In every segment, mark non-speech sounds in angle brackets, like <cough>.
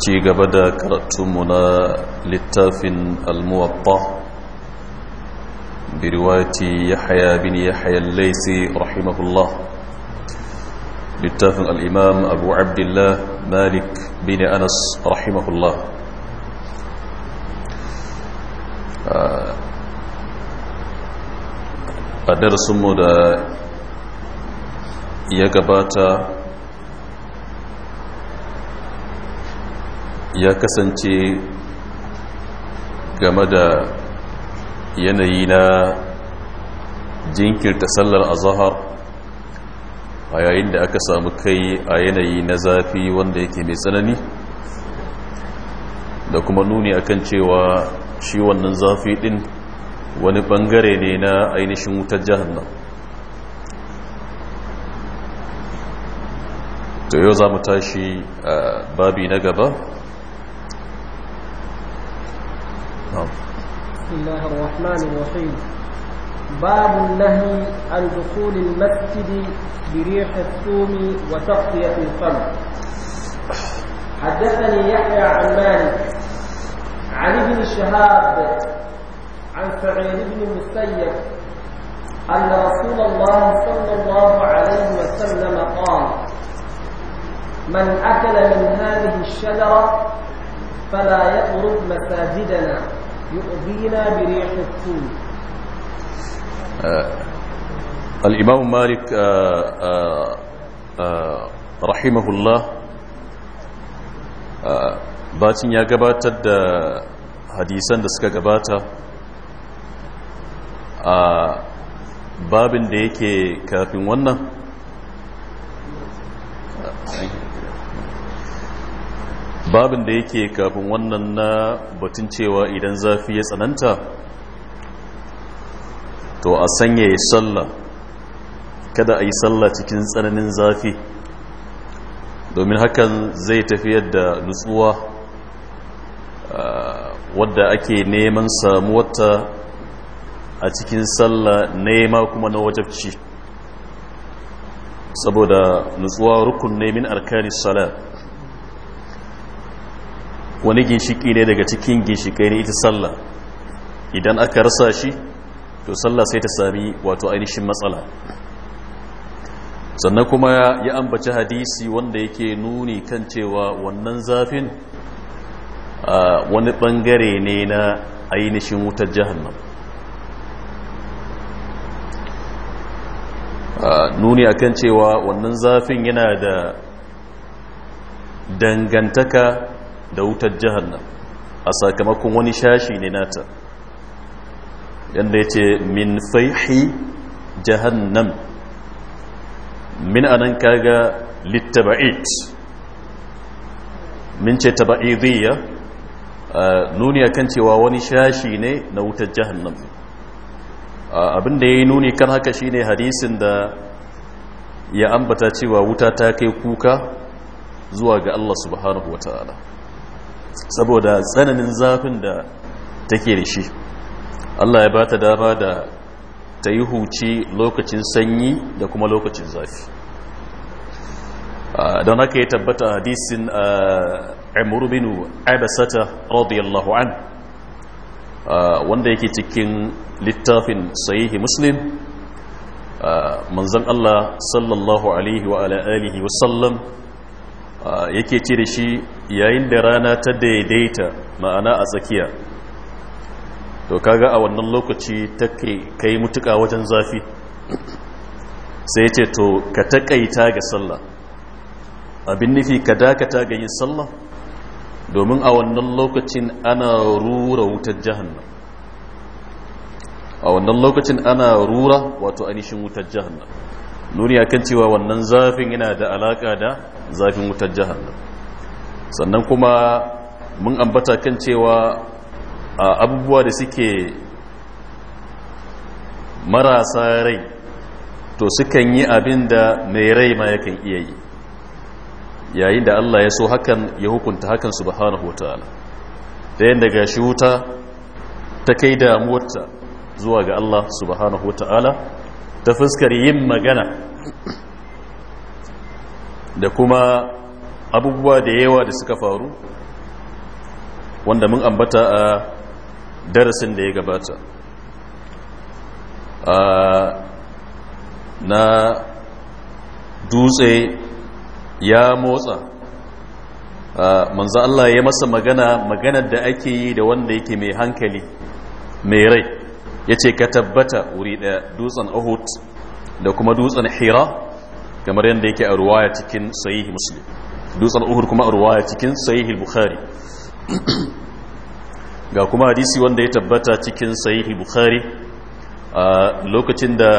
ci gaba da karatunmu na littafin almuwatta birwati yahya bin yahya laisi rahimahullah littafin al'imam abu abdullah malik bin anas rahimahullah a darasinmu da ya gabata ya kasance game da yanayi na jinkirta sallar azahar a yayin da aka samu kai a yanayi na zafi wanda yake mai tsanani da kuma nuni akan cewa shi wannan zafi din wani bangare ne na ainihin wutar jihar nan. to yau za mu tashi babi na gaba نعم. بسم الله الرحمن الرحيم باب النهي عن دخول المسجد بريح الثوم وتغطية الفم حدثني يحيى عن مالك عن ابن شهاب عن سعيد بن المسيب أن رسول الله صلى الله عليه وسلم قال من أكل من هذه الشجرة فلا يطرد مساجدنا يؤذينا بريح الطول آه الإمام مالك آه آه bacin ya gabatar da hadisan da suka gabata a babin da yake kafin wannan babin da yake kafin wannan na batun cewa idan zafi ya tsananta to a sanya ya sallah kada a yi sallah cikin tsananin zafi domin hakan zai tafiyar da nutsuwa ah, wadda ake neman samuwarta a cikin sallah nema kuma na wajabci saboda nutsuwa rukun ne min arkanis salat wani ginshiki ne daga cikin ginshikai ne ita sallah idan aka rasa shi to sallah sai ta sami wato ainihin matsala sannan kuma ya ambaci hadisi wanda yake nuni kan cewa wannan zafin wani bangare ne na ainihin wutar jahannam nuni akan cewa wannan zafin yana da dangantaka da wutar jahannam a sakamakon wani shashi ne nata yadda ya ce min faihi jahannam min anan kaga littaba'it min ce taba'idiyya nuni kan cewa wani shashi ne na wutar jahannam abinda ya yi nuni kan haka shine hadisin da ya ambata cewa wuta ta kai kuka zuwa ga Allah subhanahu wa ta'ala saboda tsananin zafin da take da shi Allah ya ba ta dama da ta yi huci lokacin sanyi da kuma lokacin zafi ah, don haka ya tabbata hadisin ah, amuru binu abasata radiyallahu an ah, wanda yake cikin littafin sahihi muslim manzan Allah sallallahu alaihi wa alihi wasallam yake ce da shi yayin da rana ta daidaita ma'ana a tsakiya to kaga a wannan lokaci ta kai mutuka wajen zafi sai ce to ka taƙaita ga sallah abin nufi ka dakata ga yin sallah domin a wannan lokacin ana rura wutar jahannam a wannan lokacin ana rura wato ainihin wutar jahannam nuni a kan cewa wannan zafin yana da alaƙa da zafin wutar jahannam sannan kuma mun ambata kan cewa a abubuwa da suke marasa rai to sukan yi abin da mai rai ma yakan iya yi yayin da Allah ya so hakan ya hukunta hakan subhanahu wataala ta yadda ga shi wuta ta kai damuwarta zuwa ga Allah subhanahu wataala ta fuskar yin magana da kuma abubuwa da yawa da suka faru wanda mun ambata a darasin da ya gabata na dutse ya motsa manzo Allah ya masa magana maganar da ake yi da wanda yake mai hankali mai rai ya ce ka tabbata wuri ɗaya dutsen uhud da kuma dutsen hira kamar yadda yake a ruwaya cikin sahihi muslim dutsen uhud kuma a ruwaya cikin sahihi bukhari <clears throat> ga kuma hadisi wanda ya tabbata cikin sahihi bukhari a lokacin da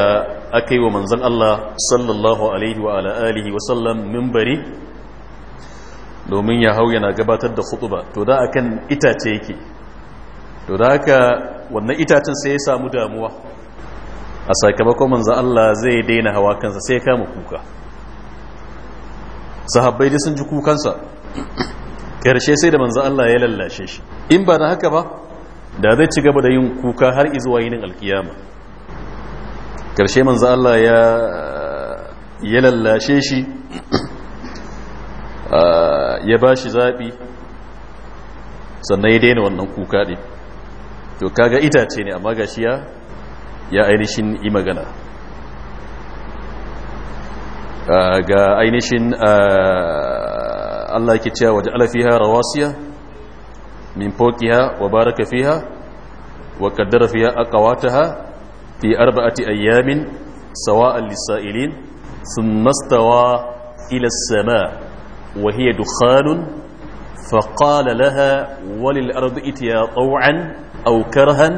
aka yi wa manzan Allah sallallahu alaihi wa alihi wa sallam mimbari domin ya hau yana gabatar da khutuba to da akan itace yake to da haka wannan itacen sai ya samu damuwa a sakamakon manzan Allah zai daina hawa kansa sai ya kama kuka sahabbai da sun ji kukansa karshe sai da manzan Allah ya lallashe shi in ba na haka ba da zai ci gaba da yin kuka har izuwa yinin alkiyama karshe manzan Allah ya lallashe shi ah, ya ba shi zaɓi sannan ya daina wannan kuka ne. to kaga itace ne amma gashi ya ya ainihin yi magana ga ainihin Allah yake cewa waje alafiha rawasiya min fokiha wa baraka fiha wa qaddara fiha aqwataha fi arba'ati ayamin sawa'an lis-sa'ilin thumma stawa ila as-sama' wa hiya dukhanun فقال لها وللأرض اتيا طوعا أو كرها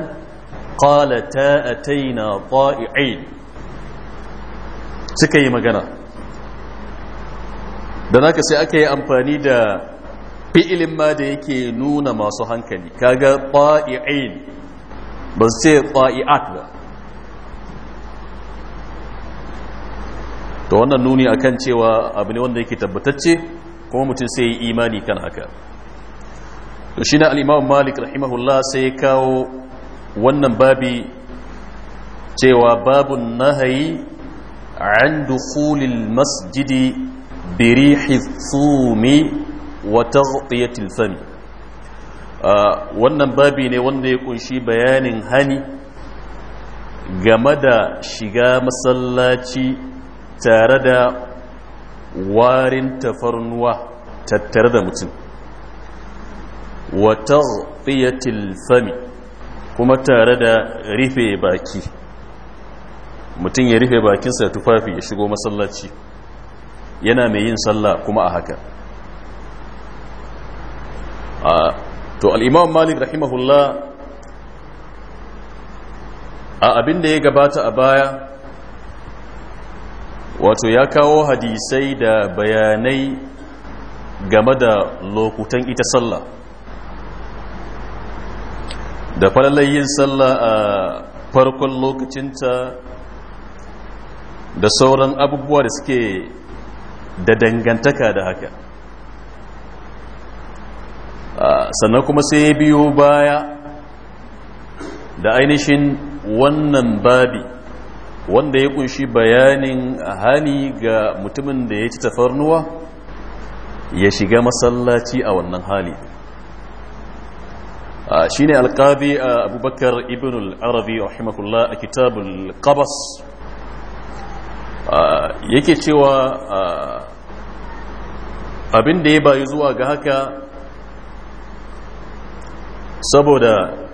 تا أتينا طائعين سكي magana دناك سأكي أمفاني دا yi amfani da yake nuna masu hankali kaga طائعين بس طائعات ce to ba ta wannan nuni akan cewa abu ne wanda yake tabbatacce kuma mutum sai yi imani kan haka to shi na al'imam malik rahimahullah sai kawo wannan babi cewa babun nahayi an dukulil masjidi birihi tsumi wa taghtiyatil fami wannan babi ne wanda ya kunshi bayanin hani game da shiga masallaci tare da warin tafarnuwa tattare da mutum wa fami kuma tare da rufe baki mutum ya rufe bakinsa tufafi ya shigo masallaci yana mai yin sallah kuma a haka to al'imam malik rahimahullah a abin da ya gabata a baya wato ya kawo hadisai da bayanai game da lokutan ita sallah da falalai yin sallah a farkon lokacinta da sauran abubuwa da suke da dangantaka da haka sannan kuma sai ya biyo baya da ainihin wannan babi wanda ya kunshi bayanin hani ga mutumin da ya ci tafarnuwa ya shiga masallaci a wannan hali shi ne a abubakar ibn al’arabi arabi rahimahullah a kitabun qabas yake cewa abin da ya bayu zuwa ga haka saboda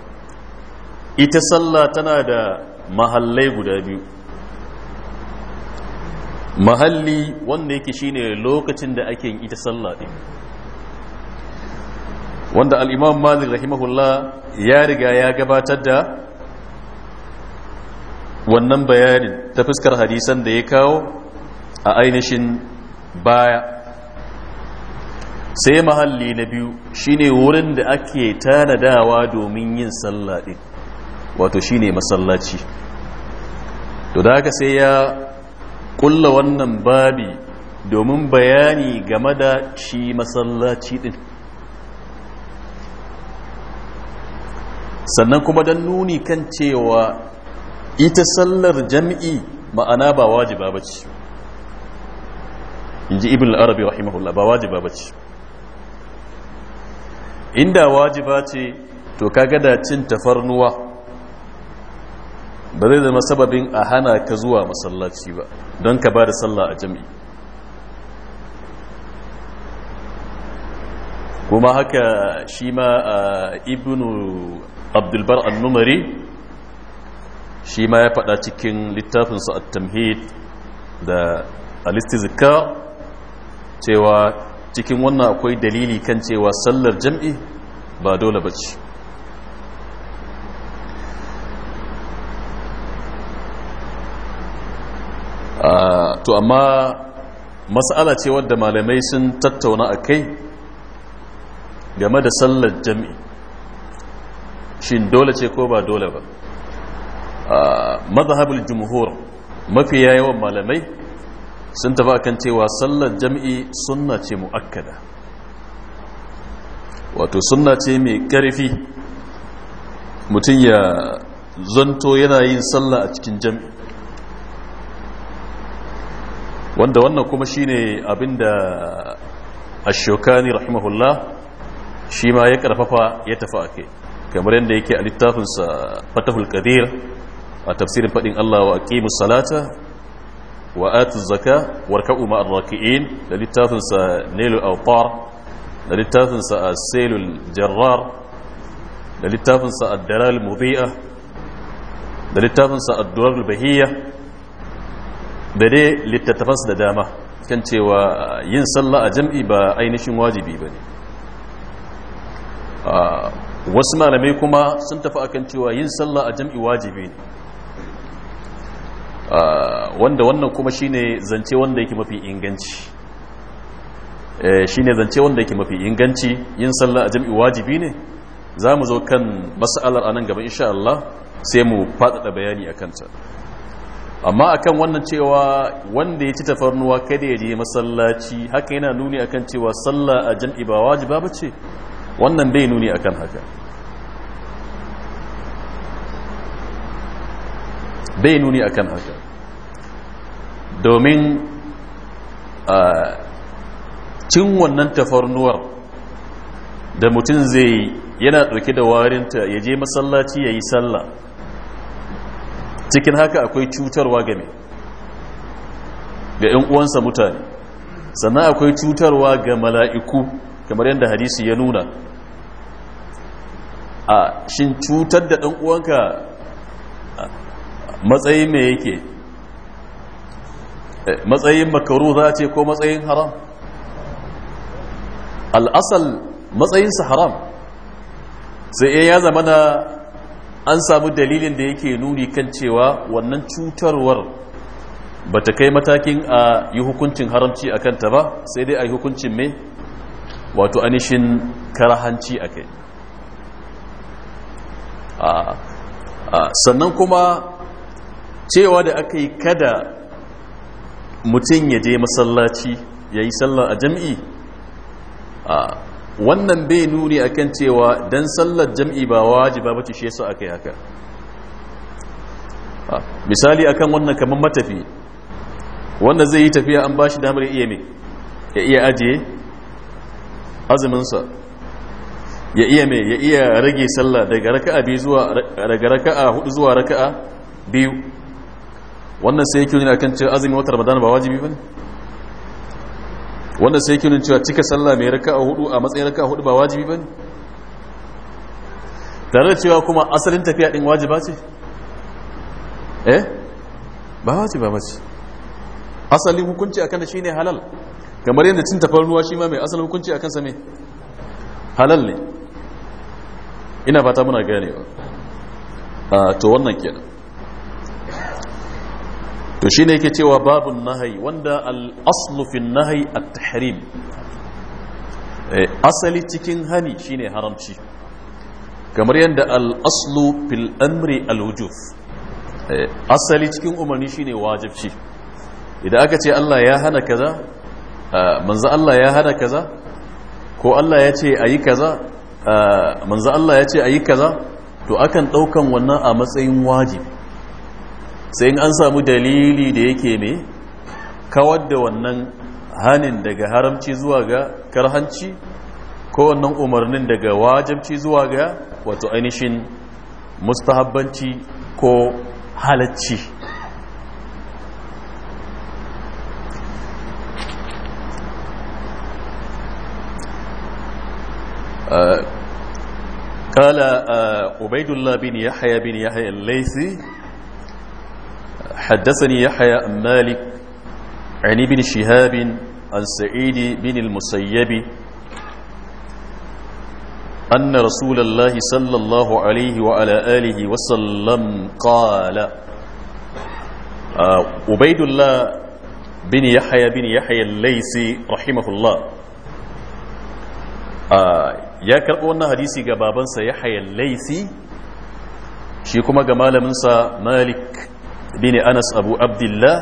ita sallah tana da mahallai guda biyu mahalli wanda yake shine lokacin da ake ita sallah ɗin wanda al'imam malik rahimahullah ya riga ya gabatar da wannan bayanin ta fuskar hadisan da ya kawo a ainihin baya sai mahalli na biyu shine wurin da ake tanadawa domin yin sallah din wato shine masallaci to da aka sai ya kulla wannan babi domin bayani game da shi masallaci din sannan kuma don nuni kan cewa ita sallar jam'i ma'ana ba wajiba ba ce in ji ibn al'arabi wa ba wajiba ba ce inda wajiba ce to kaga da cin tafarnuwa ba zai zama sababin a hana ka zuwa masallaci ba don ka ba da sallah a jam'i kuma haka shi ma ibnu abdulbar annumari shi ma ya faɗa cikin littafinsa a tamhid da alistizika cewa cikin wannan akwai dalili kan cewa sallar jam'i ba dole ba ce to amma matsala ce wadda malamai sun tattauna a kai game da sallar jam'i shin dole ce ko ba dole ba mazhabul jumhur mafi yawan malamai sun tafi akan cewa sallar jam'i sunna ce mu'akkada wato sunna ce mai karfi mutum ya zanto yana yin sallah a cikin jam'i wanda wannan kuma shine abinda ashokani rahimahullah shi ma ya karfafa ya tafi a kai kamar yadda yake a littafinsa fatahul qadir a tafsirin fadin Allah wa aqimus salata wa atu zaka warka'u ma'ar raki'in da littafinsa nailul awtar da littafinsa asailul jarrar da littafinsa ad-dalal mudhi'a da littafinsa ad-durar bahiyya da dai littattafansa da dama kan cewa yin sallah a jam'i ba ainihin wajibi bane wasu malamai kuma sun tafi akan cewa yin sallah a jam'i wajibi ah, wanda wannan kuma shine zance wanda yake mafi inganci eh, shine zance wanda yake mafi inganci yin sallah a jam'i wajibi ne za mu zo kan mas'alar anan gaba insha Allah sai mu faɗaɗa bayani a kanta amma akan wannan cewa wanda ya ci tafarnuwa kada ya je masallaci haka yana nuni akan cewa sallah a jam'i ba wajiba ba ce wannan dai nuni akan haka dai nuni akan haka domin cin wannan tafarnuwar da mutum zai yana ɗauke da warinta ya je masallaci ya yi sallah cikin haka akwai cutarwa game ga 'yan uwansa mutane sannan akwai cutarwa ga mala'iku kamar yadda hadisi ya nuna a shin cutar da ɗan uwanka matsayin me yake eh, matsayin makaru za ce ko matsayin haram al'asal matsayinsa haram sai eh, ya zama na an samu dalilin da yake nuni kan cewa wannan cutarwar ba ta kai matakin a yi hukuncin haramci a kanta ba sai dai a yi hukuncin mai wato anishin karahanci a kai sannan kuma cewa da aka yi kada mutum ya je masallaci ya yi sallar a jam'i wannan bai nuni akan cewa don sallar jam'i ba wajiba ba ce shi aka yi haka misali akan wannan kamar matafi wanda zai yi tafiya an ba shi damar iya ne ya iya ajiye azuminsa ya iya mai ya iya rage sallah daga raka'a biyu zuwa daga raka'a hudu zuwa raka'a biyu wannan sai yake nuna kan cewa azumin watan ramadan ba wajibi bane wannan sai yake nuna cewa cika sallah mai raka'a hudu a matsayin raka'a hudu ba wajibi bane tare da cewa kuma asalin tafiya din wajiba ce eh ba wajiba ba ce asalin hukunci akan shine halal kamar yadda cin tafarnuwa shi ma mai asalin hukunci a kansa halal ne ina fata muna ganewa a to wannan kenan to shi ne yake cewa babun nahai wanda al'aslufin nahai a tahrim e, asali cikin hani shine haramci kamar yadda al'aslu fil amri al-wujuf e, asali cikin umarni shine wajibci idan aka ce Allah ya hana kaza manzo Allah ya hada kaza ko Allah ya ce yi kaza manzo Allah ya ce ayi kaza to akan daukan wannan a matsayin wajibi sai in an samu dalili da yake me kawar da wannan hanin daga haramci zuwa ga karhanci ko wannan umarnin daga wajabci zuwa ga wato ainihin mustahabbanci ko halacci آه، قال آه، عبيد الله بن يحيى بن يحيى الليثي حدثني يحيى مالك عن ابن شهاب عن سعيد بن المسيب أن رسول الله صلى الله عليه وعلى آله وسلم قال آه، عبيد الله بن يحيى بن يحيى الليثي رحمه الله ya karɓo wannan hadisi ga babansa ya hayal laisi shi kuma ga malaminsa malik bin anas abu abdullah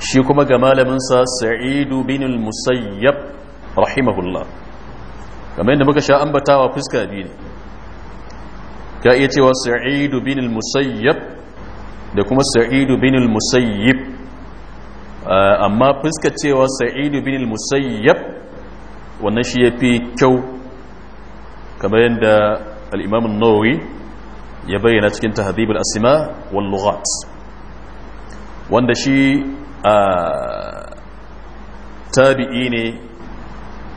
shi kuma ga malaminsa sa'idu bin musayyab rahimahullah kamar yadda muka sha ambatawa fuska biyu ne ka iya cewa sa'idu bin musayyab da kuma sa'idu bin musayyib ah, amma fuska cewa sa'idu bin musayyab wannan shi ya fi kyau kamar yadda al'imamin imam ya bayyana cikin tahdhib Asima asma wal lughat wanda shi a ah, tabi'i ne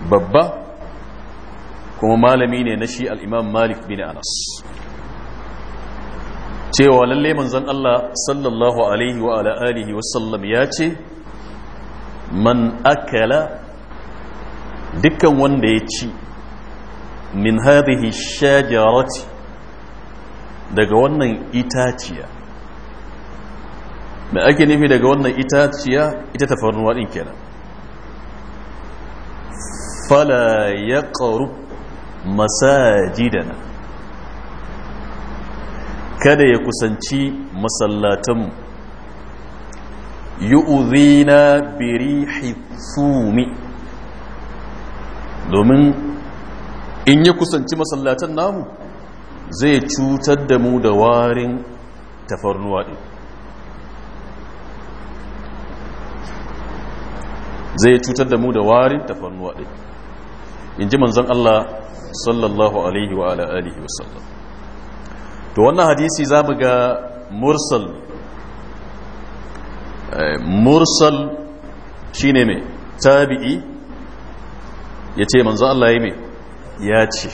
babba kuma malami ne na shi alimam malik bin anas cewa lalle manzon Allah sallallahu alaihi wa ala wa sallam ya ce man akala dukkan wanda ya ci min hadhihi shajarati daga wannan itaciya mai ake nufi daga wannan itaciya ita tafarnuwa din kenan fala ya ƙaru masajidana kada ya kusanci masallatanmu yu'udhina biri hithumi domin in ya kusanci masallatan namu zai cutar da mu da warin tafarnuwa ɗin zai cutar da mu da warin tafarnuwa ɗin in ji manzan Allah sallallahu alaihi wa ala'alihi wasallam to wannan hadisi za mu ga mursal eh, mursal shine mai tabi'i ya ce manzan Allah ya mai ya ce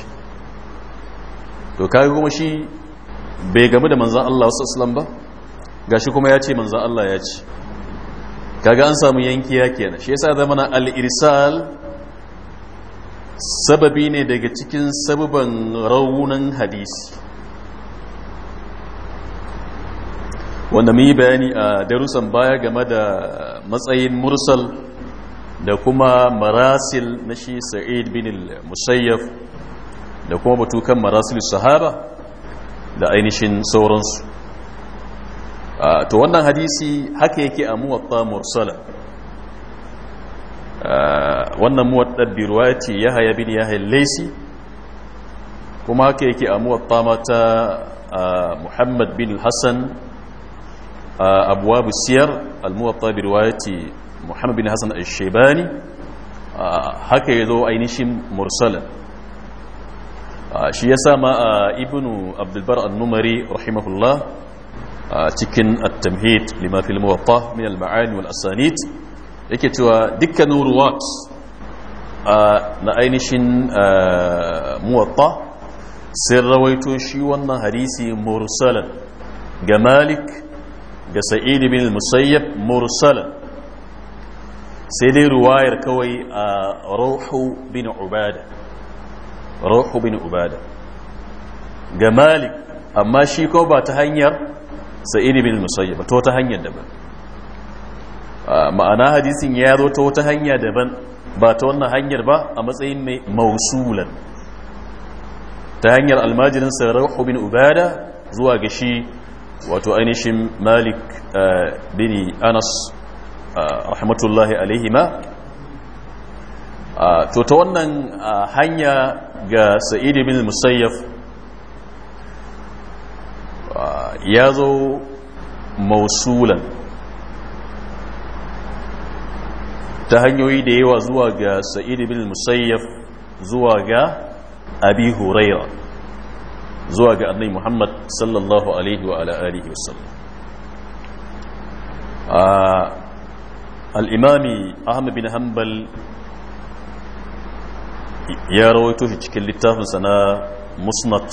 to kaga kuma shi bai gamu da manzan Allah wasu islam ba gashi kuma ya ce manzan Allah ya ce kaga an samu yanki ya kenan shi yasa zama na al'irisal sababi ne daga cikin sababan raunin hadisi wanda mu yi bayani a darussan baya game da matsayin mursal da kuma marasil na shi sa'id bin musayyaf da kuma batukan marasil sahaba da ainihin sauransu to wannan hadisi haka yake a muwatta mursala wannan muwatta bi ruwayati yahya bin yahya laysi kuma haka yake a muwatta mata muhammad bin hassan abwab siyar al-muwatta bi ruwayati محمد بن حسن الشيباني آه، هكا يدو اينشين مرسلا آه، شي يسامى آه، ابن عبد البر النمري رحمه الله تكن التمهيد لما في الموطا من المعاني والاسانيد لكي توا دكا نور وات نا اينشين موطا سر رويتو شي وانا مرسلا جمالك جسعيد بن المسيب مرسلا sai dai ruwayar kawai a rohu bin ubada ruhu bin ubada ga malik amma shi ko ba ta hanyar sa'id bin musayyib ba ta ta hanyar daban ma'ana hadisin ya zo ta wata hanya daban ba ta wannan hanyar ba a matsayin mai mausulan ta hanyar almajirin sa bin ubada zuwa ga shi wato ainihin malik eh, bin anas rahmatullahi alaihima to ta wannan hanya ga sa'id bin musayyaf ya zo mausulan ta hanyoyi da yawa zuwa ga sa'id bin musayyaf zuwa ga abi huraira zuwa ga annai muhammad sallallahu alaihi wa ala alihi wasallam الإمام أحمد بن حنبل يا رويتو في تشكل سنة مصنط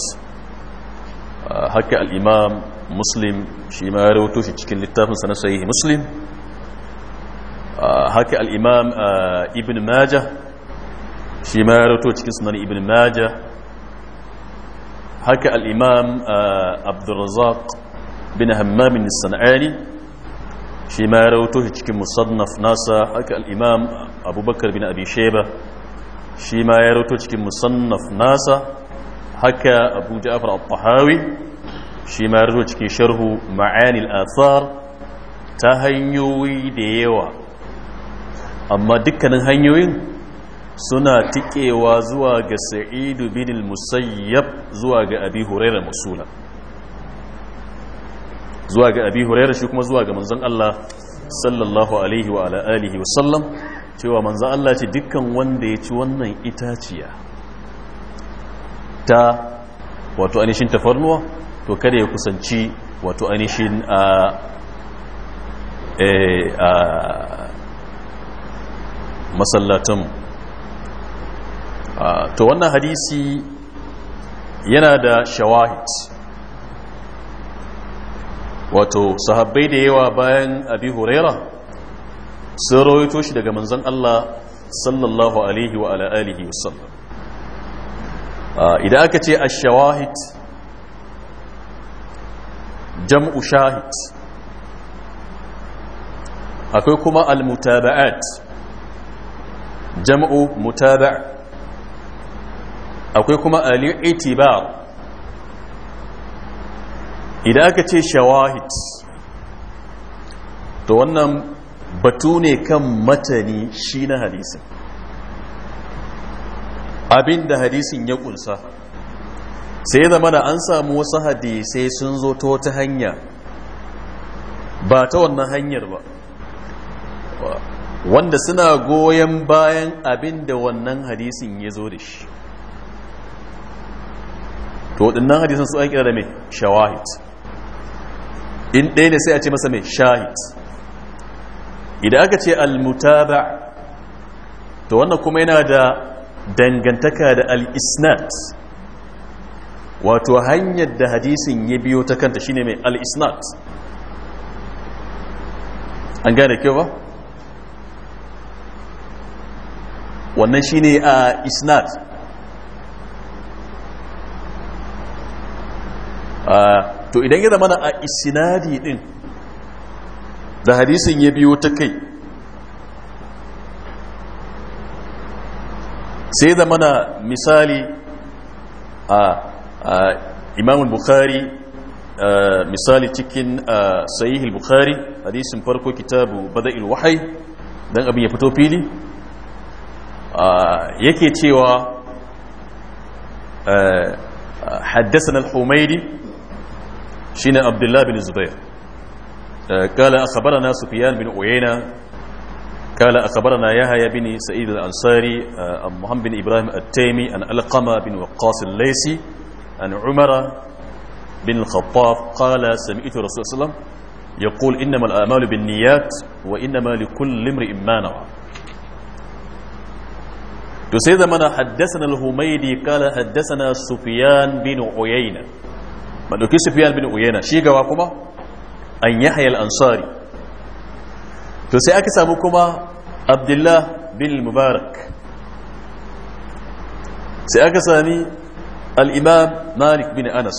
هكا آه، الإمام مسلم شيما يا رويتو في تشكل سنة سيه مسلم هكا آه، الإمام آه، ابن ماجة شيما يا رويتو في ابن ماجة هكا الإمام عبد الرزاق بن همام السنعاني shi ma ya rawato shi cikin musannaf nasa haka al abubakar bin abi sheba shi ma ya rawato cikin musannaf nasa haka abu ja'far al-tahawi shi ma ya rawato cikin sharhu ma'ani al-athar ta hanyoyi da yawa amma dukkanin hanyoyin suna tikewa zuwa ga sa'idu bin al-musayyab zuwa ga abi hurairah musula zuwa ga abi huraira shi kuma zuwa ga manzon Allah sallallahu alaihi wa ala alihi wa sallam cewa manzon Allah ce dukkan wanda ya ci wannan itaciya ta wato anishin tafarnuwa to kada ya kusanci wato anishin eh, a masallatan to wannan hadisi yana da shawahid wato sahabbai da yawa bayan abi huraira sun rawaito shi daga manzon Allah sallallahu alaihi wa ala alihi wasallam idan aka ce ash-shawahid jam'u shahid akwai kuma al-mutaba'at jam'u mutaba' akwai kuma al-i'tibar idan aka ce shawahid to wannan batu ne kan matani shi na hadisin abin da hadisin ya kunsa sai zama da an samu wasu hadisai sun zo ta wata hanya ba ta wannan hanyar ba wanda suna goyon bayan abin da wannan hadisin ya zo da shi to waɗannan hadisan su an kira da mai shawahid in ɗaya ne sai a ce masa mai shahid idan aka ce al-mutaba to wannan kuma yana da dangantaka da al isnat wato hanyar da hadisin ya biyo ta kanta shine mai al isnat an gane kyau ba wannan shine a isnat. a to idan ya zamana a isinadi din da hadisin ya biyo ta kai sai zamana misali a imam bukhari misali cikin sahihul bukari, hadisin farko kitabu bada'il wahai dan abin ya fito fili yake cewa حدثنا الحميدي شين عبد الله بن الزبير آه، قال أخبرنا سفيان بن أوينا قال أخبرنا يحيى بن سعيد الأنصاري آه، عن محمد بن إبراهيم التيمي أن ألقمة بن وقاص الليسي أن عمر بن الخطاب قال سمعت رسول الله صلى الله عليه وسلم يقول إنما الأعمال بالنيات وإنما لكل امرئ ما نوى تسيد من حدثنا الهميدي قال حدثنا سفيان بن عيينة madauki sufiyan bin uyena shi gawa kuma an yahya ansari to sai aka samu kuma abdullah bin mubarak sai aka sami alimam malik bin anas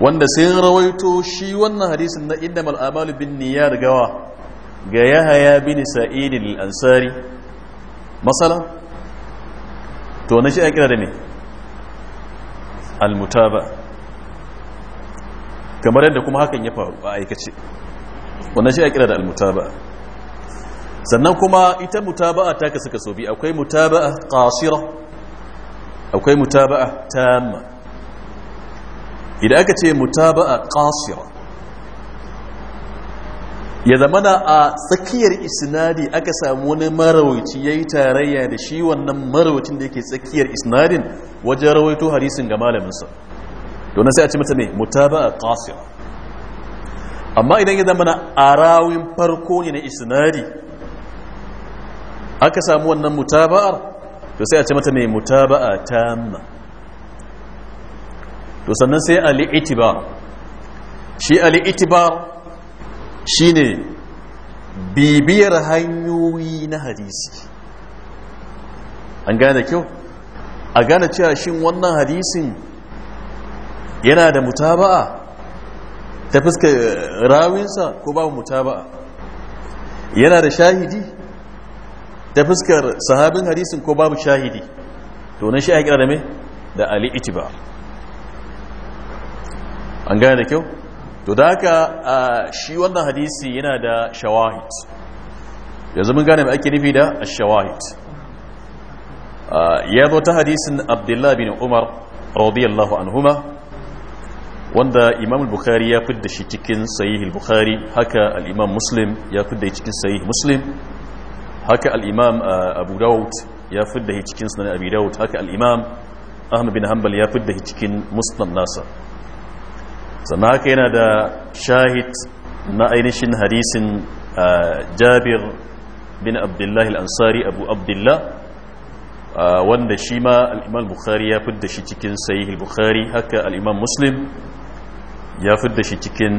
wanda sai rawaito shi wannan hadisin na inda mal'amalu bin niyyar gawa ga yahaya bin sa'id al-ansari masala to na shi a da ne al-mutaba kamar yadda kuma hakan ya faru a aikace wannan shi a kira da almutaba sannan kuma ita mutaba'a ta kasu kaso biyu akwai mutaba'a qasira akwai mutaba'a tamma idan aka ce mutaba'a qasira ya zamana a tsakiyar isnadi aka samu wani marawaci ya yi tarayya da shi wannan marawacin da yake tsakiyar isnadin wajen rawaito hadisin ga malaminsa don sai a ci mata ne mutaba'a qasira amma idan ya zama na arawin farko ne na isnadi aka samu wannan mutaba'ar to sai a ci mata ne mutaba'a tamma to sannan sai ali itibar shi ali itibar shine bibiyar hanyoyi na hadisi an gane kyau a gane cewa shin wannan hadisin yana da mutaba'a ta fuska rawinsa ko babu mutaba'a yana da shahidi ta fuskar sahabin hadisin ko babu shahidi to nan shi ake kira da mai da ali itiba an gane da kyau to da haka shi wannan hadisi yana da shawahid yanzu mun gane mai ake nufi da shawahid ya zo ta hadisin abdullahi bin umar radiyallahu anhuma wanda imam bukhari ya fidda shi cikin sahih bukhari haka al-imam muslim ya fidda shi cikin sahih muslim haka al-imam uh, abu dawud ya fidda shi cikin sunan abi dawud haka al-imam ahmad bin hanbal ya fidda shi cikin musnad nasa sannan haka yana da shahid na ainihin hadisin uh, jabir bin abdullahi al-ansari abu abdullah uh, wanda shi ma al'imam bukhari ya fidda shi cikin sahih bukhari haka al'imam muslim ya fidda shi cikin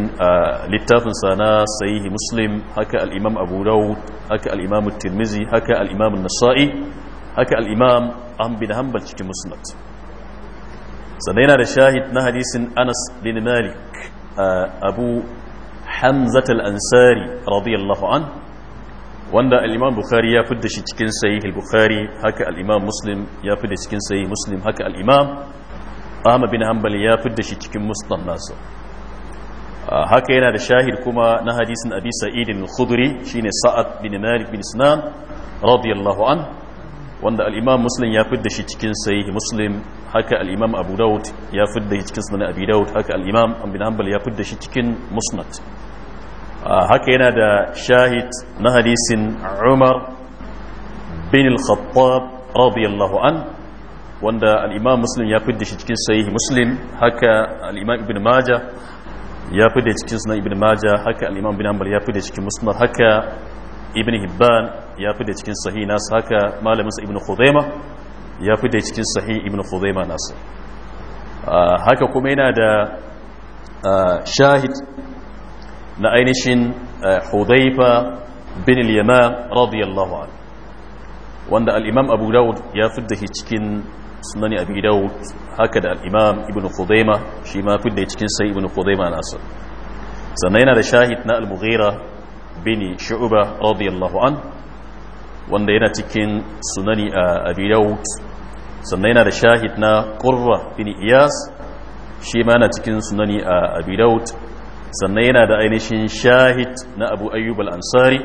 littafin sana sahihi muslim haka al'imam abu daud haka al'imam tirmizi haka al'imam nasa'i haka al'imam ahmad hanbal cikin musnad sannan yana da shahid na hadisin anas bin malik abu hamzat al'ansari radiyallahu an wanda al'imam bukhari ya fidda shi cikin sahihi bukhari haka al'imam muslim ya fidda cikin sahihi muslim haka al'imam ahmad bin hanbal ya fidda shi cikin musnad nasa Ah, haka yana da shahid kuma na hadisin abi sa'idin khudri shine sa'ad bin malik bin sinan radiyallahu an wanda al-imam muslim ya fidda shi cikin sahih muslim haka al-imam abu daud ya fidda shi cikin sunan abi daud haka al-imam ibn hanbal ya fidda shi cikin musnad ah, haka yana da shahid na hadisin umar bin al-khattab radiyallahu an wanda al-imam muslim ya fidda shi cikin sahih muslim haka al-imam ibn majah ya fi da cikin sunan ibn maja haka al'imam bin Ambal ya fi da cikin musnad haka ibn hibban ya fi da cikin sahi nasa haka malaminsa ibn khuzaima ya fi da cikin sahi ibn khuzaima nasa ah, haka kuma yana da ah, shahid na ainihin ah, hudaifa bin al-yamam radiyallahu anhu wanda al-imam abu dawud ya fi da cikin sunani abi dawud haka da al-imam ibn khudaimah shi ma cikin sai ibn khudaimah na sannan yana da shahid na al-mughira bin shu'ba radiyallahu an wanda yana cikin sunani a uh, abi dawud sannan yana da shahid na qurra bin iyas shi ma na cikin sunani a uh, abi dawud sannan yana da ainihin shahid na abu ayyub al-ansari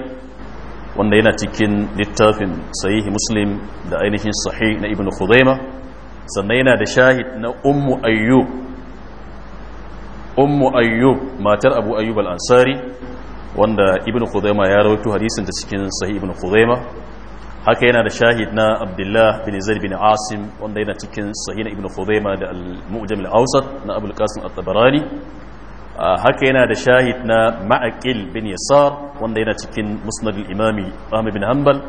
wanda yana cikin littafin sahihi muslim da ainihin sahih na ibn khudaimah sannan yana da shahid na ummu ayyub ummu ayyub matar abu ayyub al'ansari wanda ibn khuzaima ya rawaito hadisin ta cikin sahih ibn khuzaima haka yana da shahid na abdullah bin zaid bin asim wanda yana cikin sahih na ibn khuzaima da al-mu'jam al-awsat na abul qasim at-tabarani haka yana da shahid na ma'aqil bin yasar wanda yana cikin musnad al-imami ahmad bin hanbal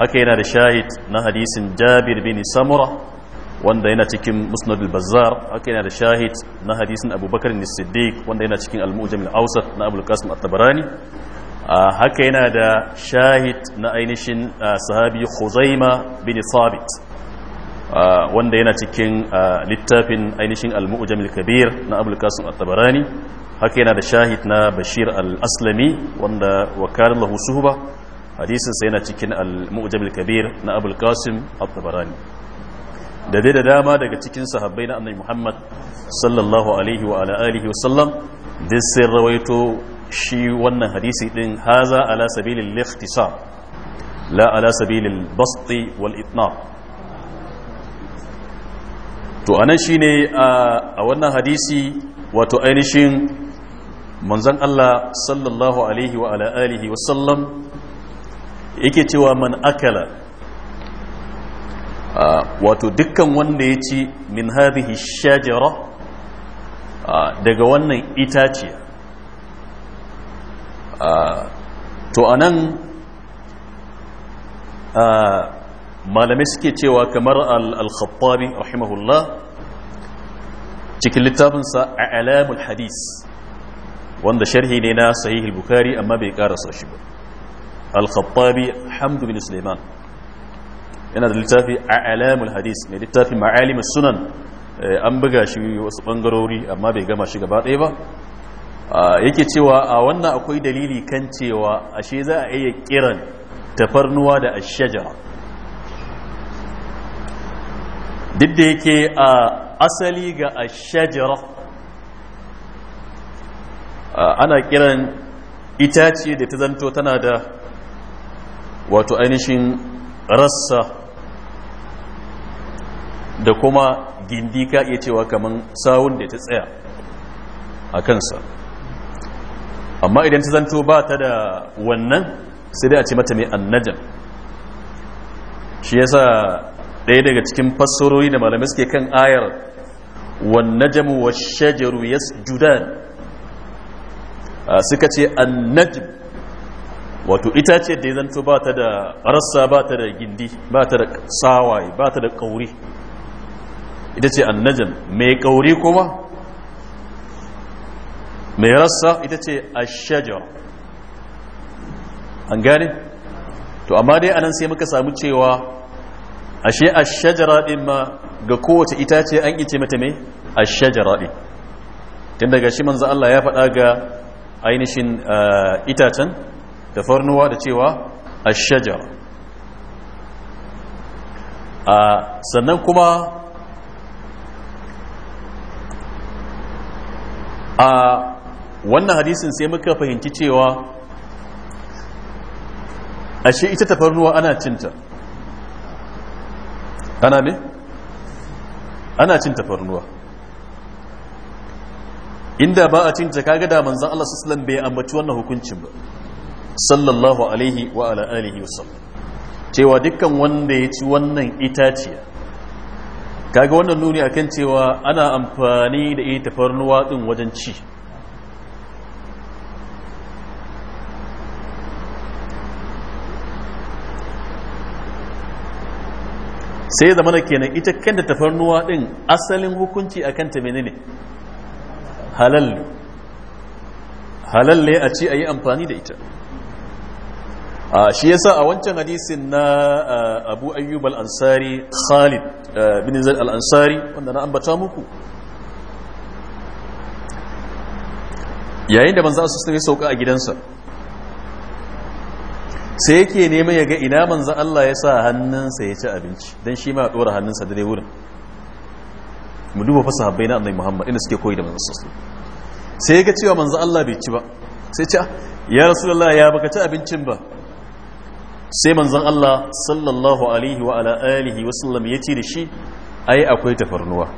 haka yana da shahid na hadisin jabir bin samura wanda yana cikin musnad al-bazzar haka yana da shahid na hadisin abubakar ne wanda yana cikin al-mujam al-awsat na abul qasim at-tabarani haka yana da shahid na ainihin sahabi khuzaima bin sabit wanda yana cikin littafin ainihin al-mujam al-kabir na abul qasim at-tabarani haka yana da shahid na bashir al-aslami wanda wakalar lahu suhba hadisin sa yana cikin al-mujam al-kabir na abul qasim at-tabarani da dai da dama daga cikin sahabbai na annabi Muhammad sallallahu alaihi wa ala alihi wasallam duk sai rawaito shi wannan hadisi din haza ala sabilil ikhtisar la ala sabilil basti wal itna. to anan shine a wannan hadisi wato ainihin manzon Allah sallallahu alaihi wa ala alihi wasallam yake cewa man akala wato dukkan wanda ya ci min hadhihi shajara daga wannan itace to anan malamai suke cewa kamar al-khattabi rahimahullah cikin littafinsa a alamul hadis wanda sharhi ne na sahihul bukari amma bai karasa shi ba al-khattabi hamdu bin suleiman yana da littafi a'lamul hadis mai littafi ma'alim sunan eh, an buga shi wasu bangarori amma bai gama shi gaba ɗaya ba ah, yake cewa a wannan akwai dalili kan cewa ashe za a iya kiran tafarnuwa da ashajara duk da yake a asali ga ashajara ana kiran itace da ta zanto tana da wato ainihin rassa da kuma gindi ka iya cewa kamar sawun da ta tsaya a kansa amma idan ta zanto ba ta da wannan sai dai a ce mata mai annajan shi yasa ɗaya daga cikin fassarori da malamai suke kan ayar wannajamu wa shajaru judan suka ce annajm wato ita ce da ya zanto ba ta da rassa ba ta da gindi ba ta da tsawaye ba ta da kauri ita ce annajam mai kauri kuma mai rassa ita ce ashajar an gane to amma dai anan sai muka samu cewa ashe ashajara din ma ga kowace itace an ice mata mai ashajara din tun daga shi manzo Allah ya faɗa ga ainihin eh, itacen da farnuwa da cewa ashajar ah, sannan kuma a wannan hadisin sai muka fahimci cewa ashe ita tafarnuwa ana cinta ana ne? ana cin tafarnuwa inda ba a cinta kaga da manzan Allah sassalan bai ambaci wannan hukuncin ba sallallahu alaihi wa ala alihi wasallam cewa dukkan wanda ya ci wannan itaciya kaga wannan nuni akan cewa ana amfani da ita tafarnuwa din wajen ci sai zamana kenan ita kanta tafarnuwa din asalin hukunci a ta menene halal halal ne a ci a yi amfani da ita Ah, shi yasa a wancan hadisin na ah, abu ayyub al-ansari khalid ah, bin zaid al-ansari wanda na ambata muku yayin da manzo su ya sauka a gidansa sai yake neman ya ga ina manzo Allah ya sa hannunsa ya ci abinci dan shi ma ya dora hannunsa da dai wurin mu duba fa sahabbai na annabi Muhammad inda suke koyi da manzo sai ya ga cewa manzo Allah bai ci ba sai ce ya rasulullah ya baka ci abincin ba sai manzan Allah sallallahu alaihi wa ala alihi wa sallam ce da shi ai akwai tafarnuwa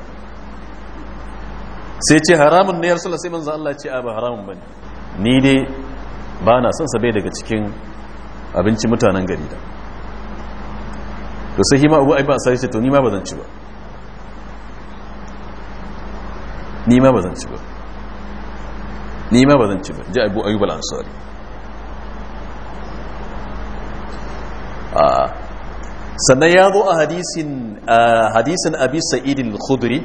sai ce haramun ne ya rasulullah sai manzan Allah ce a ba haramun bane ni dai ba na son sabai daga cikin abinci mutanen gari da to sai hima abu ai ba sai ce to ni ma bazan ci ba ni ma bazan ci ba ni ma bazan ci ba ji abu ayyub al-ansari sannan ya zo a hadisin abi sa'id al-khudri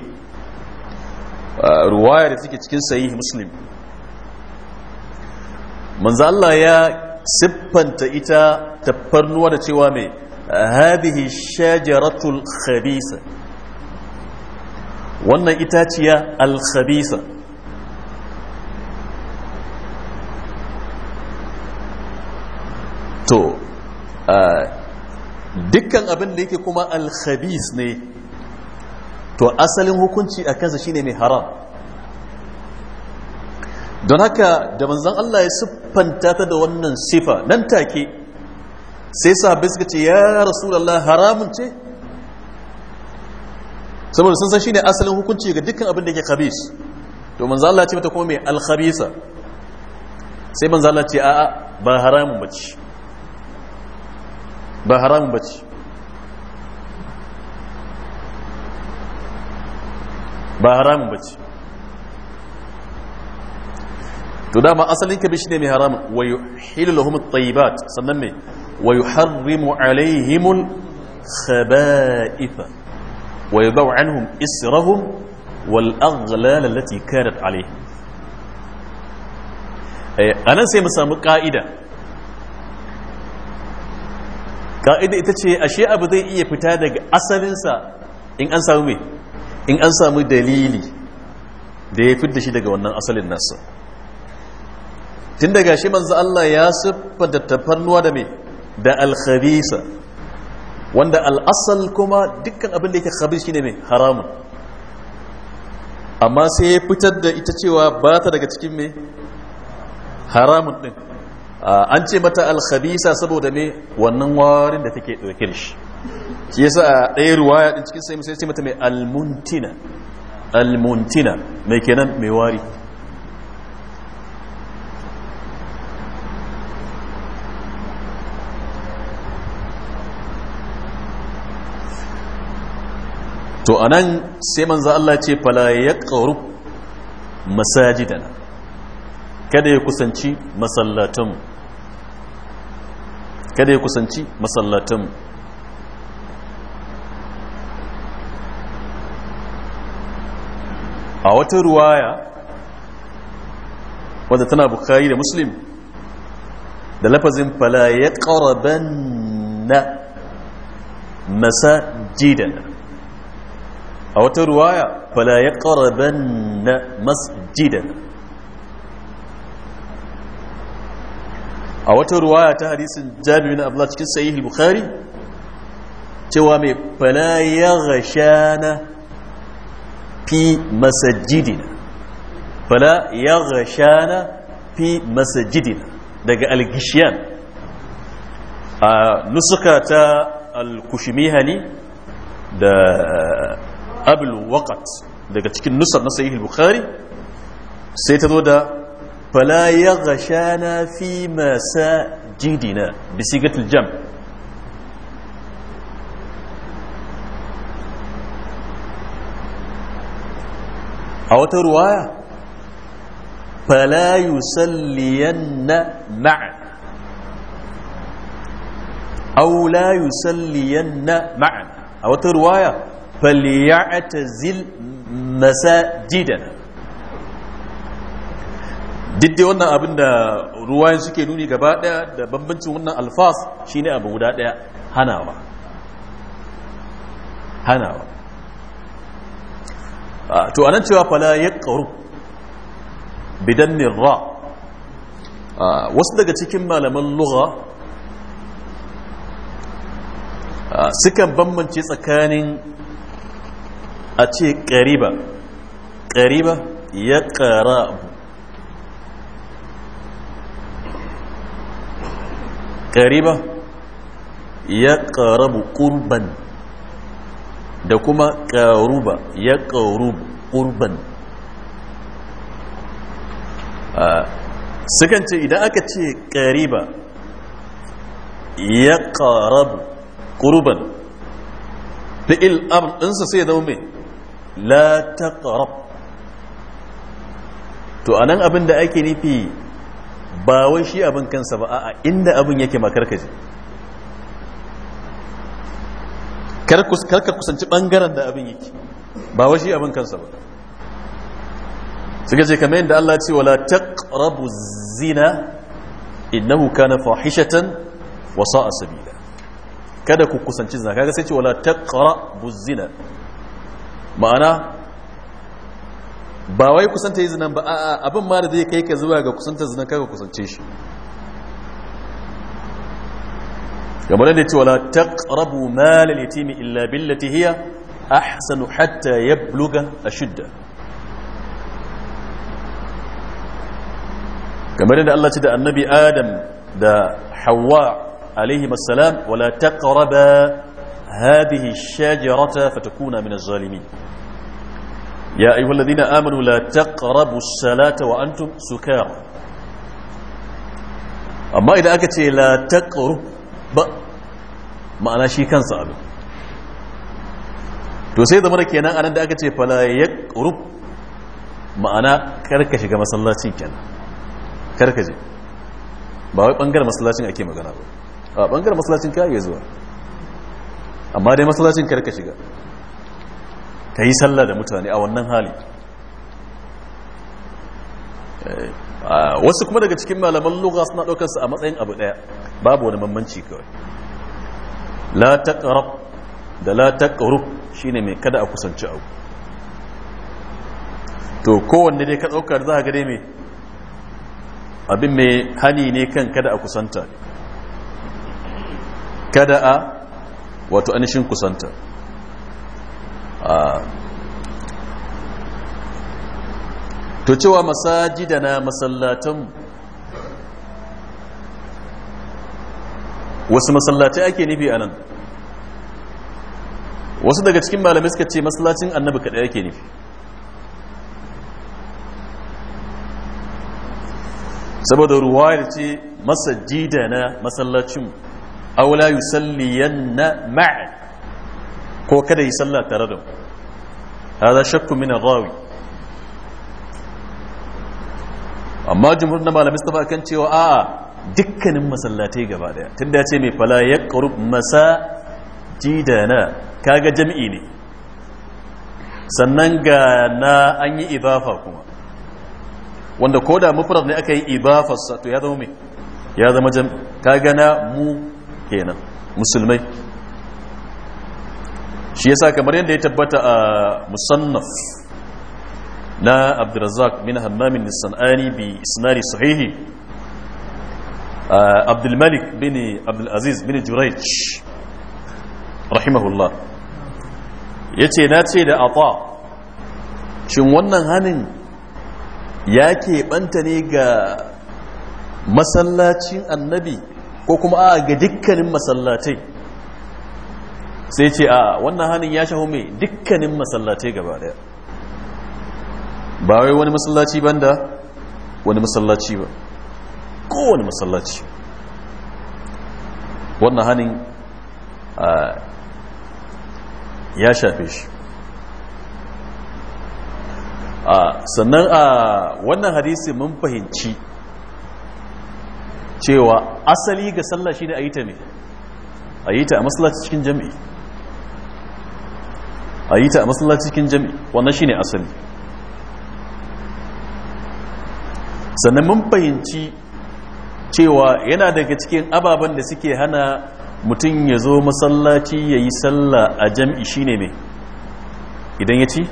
ruwaya da take cikin sahih muslim manzo Allah ya siffanta ita tafarnuwa da cewa mai hadhihi shajaratul khabisa wannan itaciya al khabisa to dukkan abin da yake kuma alkhabis ne to asalin hukunci a kansa shine mai haram don haka da manzon Allah ya siffanta ta da wannan sifa nan take sai sahabbai suka ce ya rasulullah haramun ce saboda sun san shine asalin hukunci ga dukkan abin da yake khabis to manzon Allah ya ce mata kuma mai alkhabisa sai manzon Allah ya ce a'a ba haramun bace بهرام بچ بهرام بچ تو دا ما اصلين كبش نمي هرام ويحل لهم الطيبات سنمي ويحرم عليهم الخبائث ويضع عنهم اسرهم والاغلال التي كانت عليهم انا سي مسامو قائده ka'ida ita ce ashe abu zai iya fita daga asalinsa in an samu mai in an samu dalili da ya fidda shi daga wannan asalin nasa tun daga shi manzo Allah ya siffa da tafannuwa da mai da alkhabisa wanda al'asal kuma dukkan abin da yake khabis shine mai haramun amma sai ya fitar da ita cewa ba ta daga cikin mai haramun ɗin. Ah, an ce mata alkhabisa saboda me wannan warin da take ɗauke da shi shi yasa a ɗaya ruwaya din cikin sai sai ce mata mai almuntina almuntina mai kenan mai wari to anan sai manzo Allah ce fala yaqrub masajidana kada ya kusanci masallatanmu kada ya kusanci masallatan a wata ruwaya wadda tana bukari da muslim da lafazin fala ya ƙaraban na masajidana a wata ruwaya fala ya ƙaraban na masjidana a wata ruwaya ta hadisin jami'in bin abdullah cikin sahih bukhari cewa mai fala ya ghashana fi masajidina fala ya ghashana fi masajidina daga algishiyan a nusuka ta alkushimihani da abul waqat daga cikin nusar na sahih bukhari sai ta zo da فلا يغشانا في مساجدنا بصيغة الجمع أو رواية فلا يسلين معنا أو لا يسلين معنا أو رواية فليعتزل مساجدنا duk da wannan abin da ruwayen suke nuni gaba daya da bambancin wannan alfas shine abu guda daya hanawa hanawa to anan cewa fala ya karu bidannin ra wasu daga cikin malaman lura sukan bambance tsakanin a ce ƙariba ƙariba ya ƙara ƙariba ya qarabu qurban da kuma ƙaruba ya ƙarubu ƙurban sukan ce idan aka ce ƙariba ya ƙarabu ƙurban fi'il amr ɗinsa sai zama mai la ta to anan abin da ake nufi ba wai shi abin kansa ba a'a inda abin yake makarkaci karka kusanci bangaren da abin yake ba wai shi abin kansa ba suka ce kamar yadda Allah ce wala taqrabu zina innahu kana fahishatan wa sa'a sabila kada ku kusanci zina kaga sai ce wala taqrabu zina ma'ana ba wai kusanta yi zinan ba a'a abin ma da zai kai ka zuwa ga kusanta zinan kaka kusance shi kamar da cewa la taqrabu mal al-yatim illa billati hiya ahsanu hatta yabluga ashudda kamar da Allah ce da annabi Adam da Hawwa alaihi assalam wala taqraba hadhihi ash-shajarata fatakuna min az-zalimin يا أيها الذين آمنوا لا تقربوا الصلاة وأنتم سكارى أما إذا أكت لا تقرب ma'ana shi kansa abin to sai zama da kenan anan da aka ce fala ya ƙurub ma'ana karka shiga masallacin kenan karka je ba wai bangare masallacin ake magana ba a ɓangaren masallacin ka iya zuwa amma dai masallacin karka shiga ka yi sallah da mutane a wannan hali eh, wasu kuma daga cikin malaman lugha suna ɗaukar su a matsayin abu ɗaya babu wani mamanci kawai la taqrab da la taqrub shine mai kada a kusanci abu to kowanne dai ka ɗauka za a gare mai abin mai hani ne kan kada a kusanta kada a wato anishin kusanta to cewa masajidana masallatan wasu masallatai ake nufi a nan wasu daga cikin malamai suka ce masallacin annabi kaɗai ake nufi saboda ruwayar ce masajidana masallacin aula na ma'a ko kada yi sallah tare da mu hada shakku min rawi amma jumhur na malamai su kan cewa a'a dukkanin masallatai gaba daya tunda ya ce mai fala ya qarub masajidana kaga jami'i ne sannan ga na an yi ibafa kuma wanda ko da mufrad ne aka yi ibafarsa to ya zama mai ya zama jam kaga na mu kenan musulmai shi yasa kamar yadda ya tabbata a musannaf na abdurrazzaq min hammamin nisan'ani bi isnari sahihi abdulmalik bin abdulaziz bin juraic rahimahullah ya ce na ce da ata shin wannan hannun ya keɓanta ne ga masallacin annabi ko kuma a ga dukkanin masallatai sai ce a wannan hannun ya shahu mai dukkanin masallatai gaba daya ba wai wani masallaci da wani masallaci ba kowane masallaci wannan hannun ya shafe shi sannan a wannan hadisi mun fahimci cewa asali ga sallah shi ne a yi ta ne a yi ta a masallaci cikin jami'i a yi ta a masallaci cikin jami wannan shine asali sannan mun fahimci cewa yana daga cikin ababen da suke hana mutum ya zo masallaci ya yi sallah a jam'i shine ne idan ya ci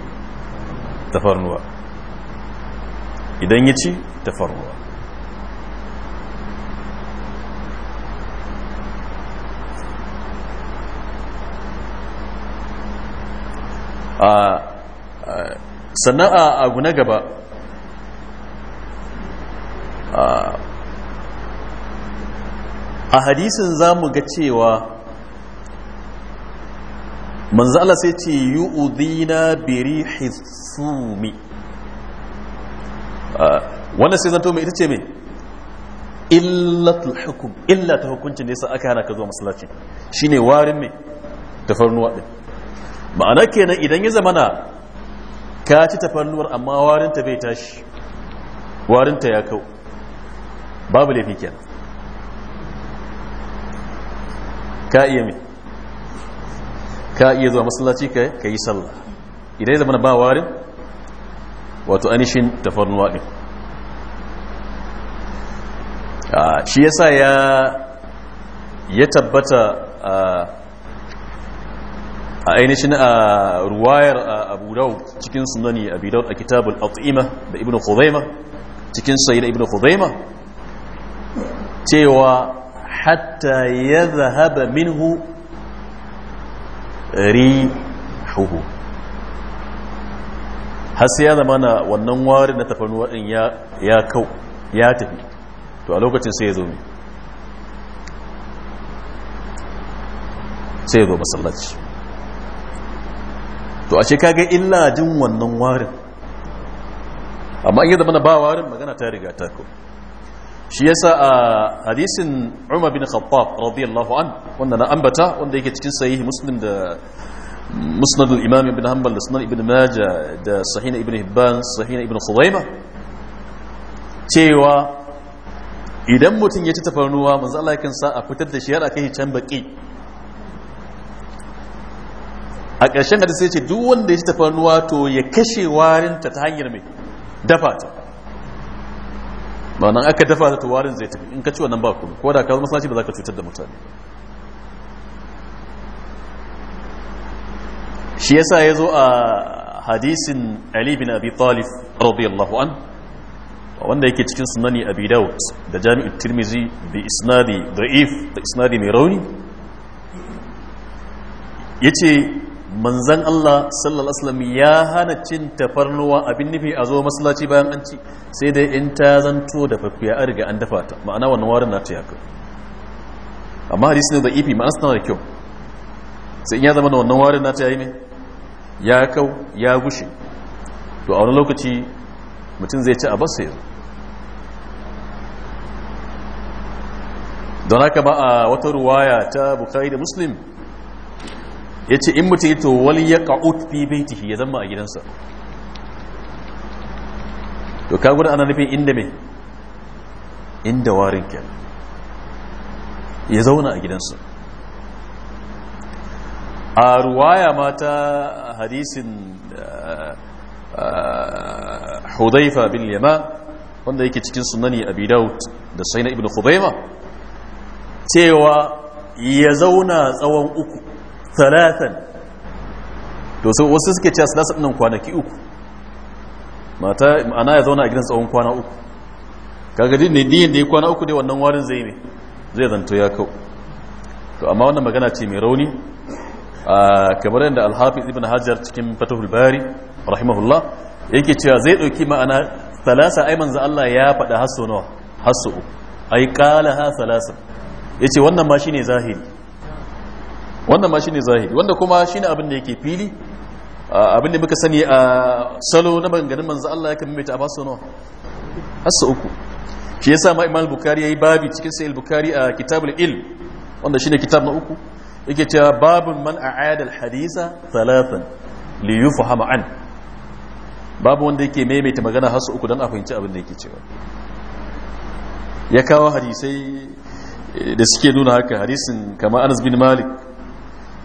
tafarnuwa idan ya ci tafarnuwa sannan a abu na gaba a hadisin za mu ga cewa Manzala sai ce yu'udhina bi Biri Hisumi, wannan sai zanto mai ita ce mai illatul hukum illa ta hukuncin nesa aka hana ka zuwa masallaci shine warin mai tafarnuwa ɗin. ma'ana kenan idan ya zamana ka ci tafannuwar amma warinta bai tashi warinta ya kau babu laifi kenan ka iya mai ka iya zuwa masallaci ka yi sallah idan ya zamana ba warin wato anishin tafannuwa ɗin ah, shi yasa ya ya tabbata ah, a ainihin a ruwayar abu daud cikin sunani abu a kitabul at'ima da ibnu khuzaima cikin sayyid ibnu khuzaima cewa hatta yadhhaba minhu rihuhu har sai ya zama na wannan warin na tafarnuwa din ya kau ya tafi to a lokacin sai ya zo ne sai ya zo masallaci to ashe kaga illa jin wannan warin amma yadda mana ba warin magana ta riga ta ku. shi yasa a hadisin Umar bin Khattab radiyallahu an wanda na ambata wanda yake cikin sahihi Muslim da Musnad al-Imam Ibn Hanbal da Sunan Ibn Majah da Sahih Ibn Hibban Sahih Ibn Khuzaimah cewa idan mutum ya ci tafarnuwa manzo Allah yakan sa a fitar da shi har akai can baki a ƙarshen hadisi sai ce duk wanda ya ci tafarnuwa to ya kashe warinta ta hanyar mai dafa ta ma'anan aka dafa ta to warin zai tafi in ka ci wannan ba kuma ko da ka zama sashi ba za ka cutar da mutane shi yasa ya zo a hadisin ali bin abi talif radiyallahu an wanda yake cikin sunani abi daud da jami'ut tirmizi bi isnadi da'if da isnadi mai rauni yace manzan Allah sallallahu alaihi wasallam ya hana cin tafarnuwa abin nufi a zo masallaci bayan an ci sai dai in ta zanto da fafiya an riga an dafa ta ma'ana wannan warin na ta haka amma hadisi ne da ifi ma'ana suna da kyau sai in ya zama da wannan warin na ta yi ne ya kau ya gushe to a wani lokaci mutum zai ci a bas yanzu don haka ba a wata ruwaya ta bukari da muslim ya ce in mutum ito wali ya ka'ut fi baitihi ya zama a gidansa to ka gudu ana nufin inda me inda warin ke ya zauna a gidansa a ruwaya mata hadisin eh, eh, hudaifa bin yama wanda yake cikin sunani abi daud da sai na ibn hudaifa cewa ya zauna tsawon uku salatan to sai wasu suke cewa salasa ɗin kwanaki uku mata ana ya zauna a gidan tsawon kwana uku kaga din ne niyan da ya kwana uku ne wannan warin zai ne zai zanto ya kau to amma wannan magana ce mai rauni a kamar yadda alhafiz ibn hajar cikin fatahul bari rahimahullah yake cewa zai ɗauki ma'ana salasa ai manzo Allah ya faɗa hasso nawa hasso ai qala ha salasa yace wannan ma shine zahiri wannan ma shine zahiri wanda kuma shine abin da yake fili abin da muka sani a salo na maganganun manzo Allah ya kan mita a basu nawa hasa uku shi yasa ma Imam Bukhari yayi babi cikin Sahih Bukhari a Kitabul Ilm wanda shine kitab na uku yake cewa babun man a'ada al-haditha thalathan li yufhama an babu wanda yake maimaita magana hasa uku don a fahimci abin da yake cewa ya kawo hadisai eh, da suke nuna haka hadisin kama Anas bin Malik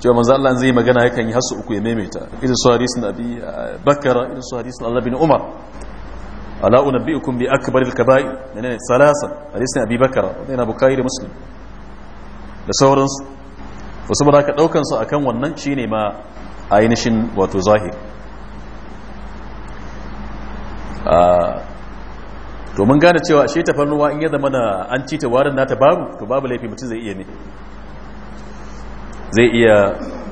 cewa manzo Allah zai magana yakan yi hasu uku ya maimaita irin su hadisin abi eh, bakara irin su hadisin Allah bin Umar ala unabbiukum bi akbaril kaba'ir menene salasa hadisin abi bakara yana bukhari da muslim da sauransu wasu ba ka daukan su akan wannan shine ma ainihin wato zahiri ah, to mun gane cewa ashe tafarnuwa in ya zama da an ci ta warin nata babu to babu laifi mutum zai iya ne zai iya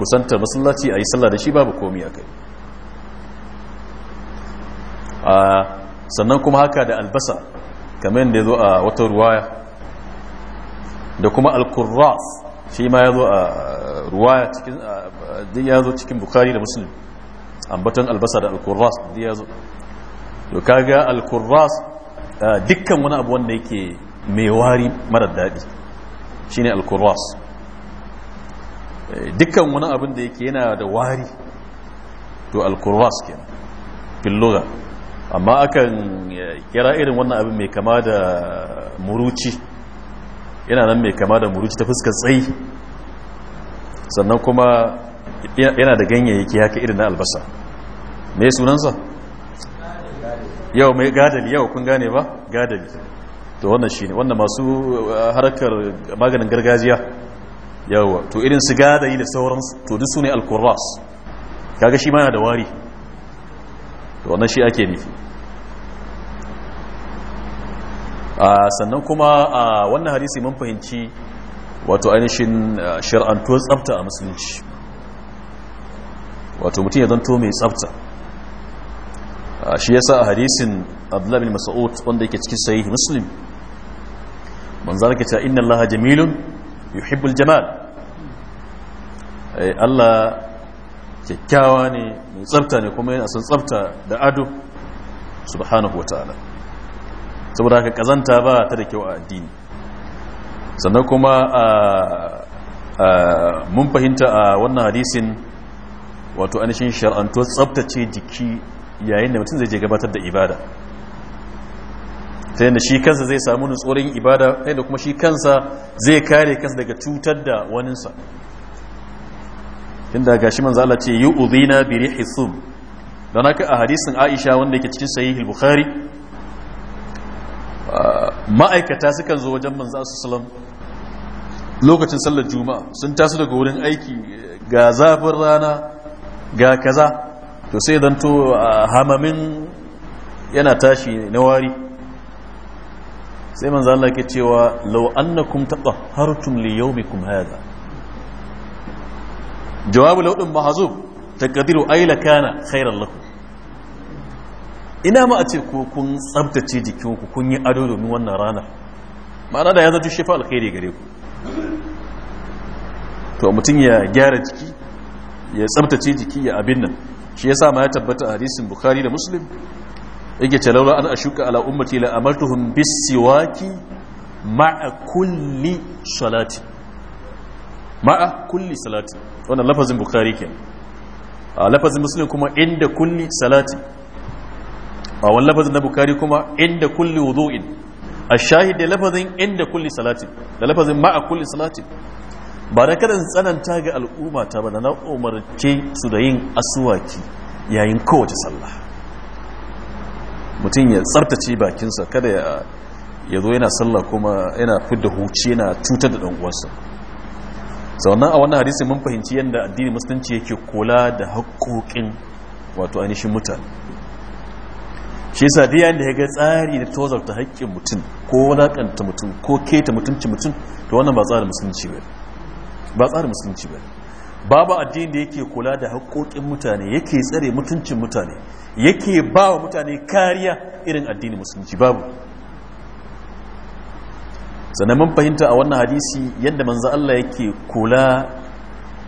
kusantar masallaci a yi sallah da shi babu komi a kai sannan kuma haka da albasa kamar yadda ya zo a wata ruwaya da kuma alkurraf shi ma ya zo a ruwaya cikin ya zo cikin bukari da musulun ambaton albasa da alkurras da ya zo to kaga alkurras dukkan wani abu wanda yake mai wari marar daɗi shine alkurras dukkan wani abin da yake yana da wari to al-kurwa ke fil lugha amma akan eh, kira irin wannan abin mai kama da muruci yana nan mai kama da muruci ta fuskar tsayi sannan kuma yana da ganyayyaki haka irin na albasa mai sunansa yau mai gadali yau kun gane ba gadali to wannan shi ne wannan masu eh, harkar maganin gargajiya yawa to irin su yi da sauransu to duk su ne alkurras kaga shi ma yana da wari to wannan shi ake nufi sannan kuma a wannan hadisi mun fahimci wato ainihin shar'antuwar tsafta a musulunci wato mutum ya zanto mai tsafta shi ya sa a hadisin abdullahi bin mas'ud wanda yake cikin sahihi muslim manzo Allah ke cewa inna allaha jamilun yuhibbul jamal eh, Allah kyakkyawa ne mai tsafta ne kuma yana son tsafta da ado subhanahu wa saboda haka kazanta ba ta da kyau a addini sannan kuma mun fahimta a wannan hadisin wato ainihin shar'antuwar tsaftace jiki yayin da mutum zai je gabatar da ibada ta yadda shi kansa zai samu nutsorin ibada ta yadda kuma shi kansa zai kare kansa daga cutar da waninsa inda ga shi manzo Allah ce yi udhina bi sum dan haka a hadisin Aisha wanda yake cikin sahih bukhari ma'aikata sukan zo wajen manzo sallallahu lokacin sallar juma'a sun taso daga wurin aiki ga zafin rana ga kaza to sai dan to hamamin yana tashi na wari sai manzo Allah ke cewa law annakum tatahhartum li yawmikum hadha jawabu law din mahzub taqdiru ayla kana khairan lakum ina ma a ce kun tsabtace jikinku kun yi ado domin wannan ranar ma'ana da ya zaci shi fa alkhairi gare ku to mutum ya gyara jiki ya tsabtace jiki ya abin nan shi yasa ma ya tabbata hadisin bukhari da muslim yake ce laula an ashuka ala ummati la amartuhum bis ma'a kulli salati ma'a kulli salati wannan lafazin bukhari ke a lafazin muslim kuma inda kulli salati a wani lafazin na bukhari kuma inda kulli wudu'in a shahid da lafazin inda kulli salati da lafazin ma'a kulli salati ba da kadan tsananta ga al'umma ta ba na umarce su da yin asuwaki yayin kowace sallah mutum ya tsartace bakinsa kada ya zo yana sallah kuma yana fidda huci yana cutar da ɗan'uwarsa sannan a wannan hadisi mun fahimci yadda addini musulunci yake kula da haƙoƙin wato ainihin mutane shi yasa da yayin da ya ga tsari da ta haƙƙin mutum ko wulaƙanta mutum ko keta mutunci mutum to wannan ba tsarin musulunci ba ba tsarin musulunci ba babu addini da yake kula da haƙoƙin mutane yake tsare mutuncin mutane yake ba wa mutane kariya irin addini musulunci babu sannan mun fahimta a wannan hadisi yadda manzo Allah yake kula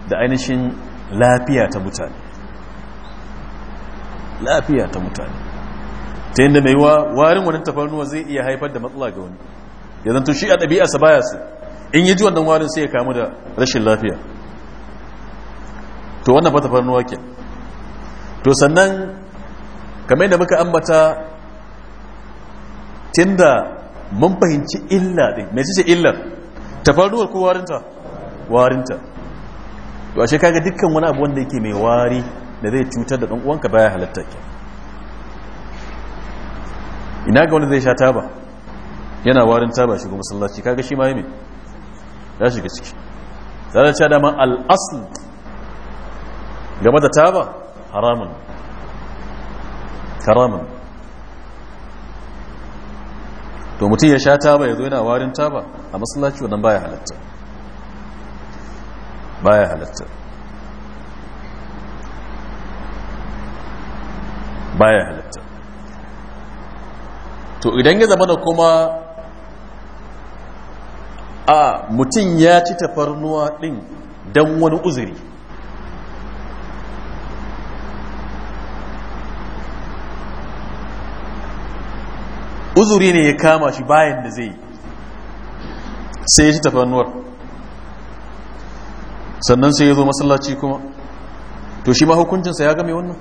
da ainihin lafiya ta mutane lafiya ta mutane ta yadda mai wa warin wani tafarnuwa zai iya haifar da matsala ga wani ya zanto shi a ɗabi'arsa baya su in yi ji wannan warin sai ya kamu da rashin lafiya to wannan ba tafarnuwa ke to sannan kamar da muka ambata tinda mun fahimci illa ɗin mai ce illar tafarnuwar ko warinta warinta to a kaga dukkan wani abu wanda yake mai wari da zai cutar da uwanka baya halatta ke ina ga wanda zai sha taba yana warin taba kuma sallaci kaga shi ma yi mai ya shiga ciki tsarar da cewa daman game da taba haramun haramun to mutum ya sha taba ya zo yana warin taba a masallaci wannan baya halatta baya halatta baya halatta to idan ya zama da kuma a mutum ya ci tafarnuwa din don wani uzuri uzuri ne ya kama shi bayan da zai sai ya ci tafannuwar sannan sai ya zo masallaci kuma to shi ma hukuncinsa ya game wannan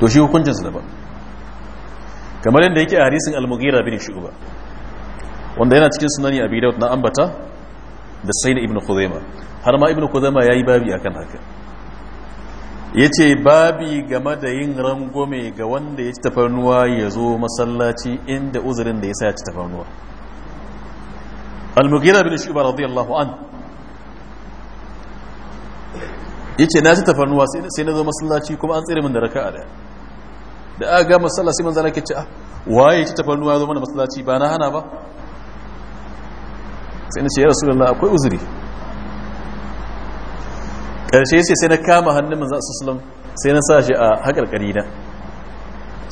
to shi hukuncinsa daban kamar yadda yake a harisin almugira bin shu'ba wanda yana cikin sunani abi daud na ambata da sayyid ibn khuzaima har ma ibn khuzaima yi babi akan haka ya ce babi game da yin rangome ga wanda ya ci tafarnuwa ya zo masallaci inda uzurin da ya sa ya ci tafarnuwa al-mughira bin shuba radiyallahu an ya ce na ci tafarnuwa sai na zo masallaci kuma an tsere min da raka'a daya da aka ga masallaci man zalaka ci ah waye ci tafarnuwa ya zo mana masallaci ba na hana ba sai na ce ya rasulullah akwai uzuri Karshe ce sai na kama hannun alaihi wasallam sai na sa shi a haƙarƙari na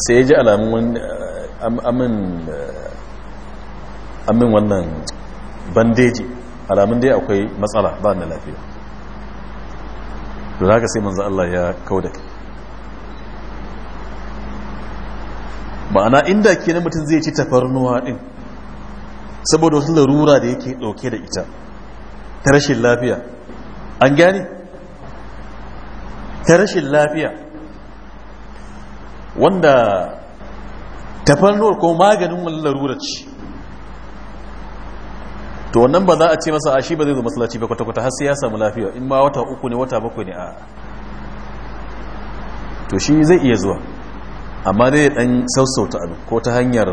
sai ya ji alamun uh, uh, amin wannan bandeji alamun dai akwai matsala ba na lafiya don haka sai manzo Allah ya kauda da ma'ana inda kenan mutum zai ci tafarnuwa din saboda wasu larura da yake ɗauke da ita ta rashin lafiya an gane ta rashin lafiya wanda tafarnuwar ko maganin wani larurar ce to wannan ba za a ce masa a shi ba zai zo masalaci ba kwata-kwata har sai ya samu lafiya in ma wata uku ne wata bakwai ne a to shi zai iya zuwa amma dai ya dan sassauta abin ko ta hanyar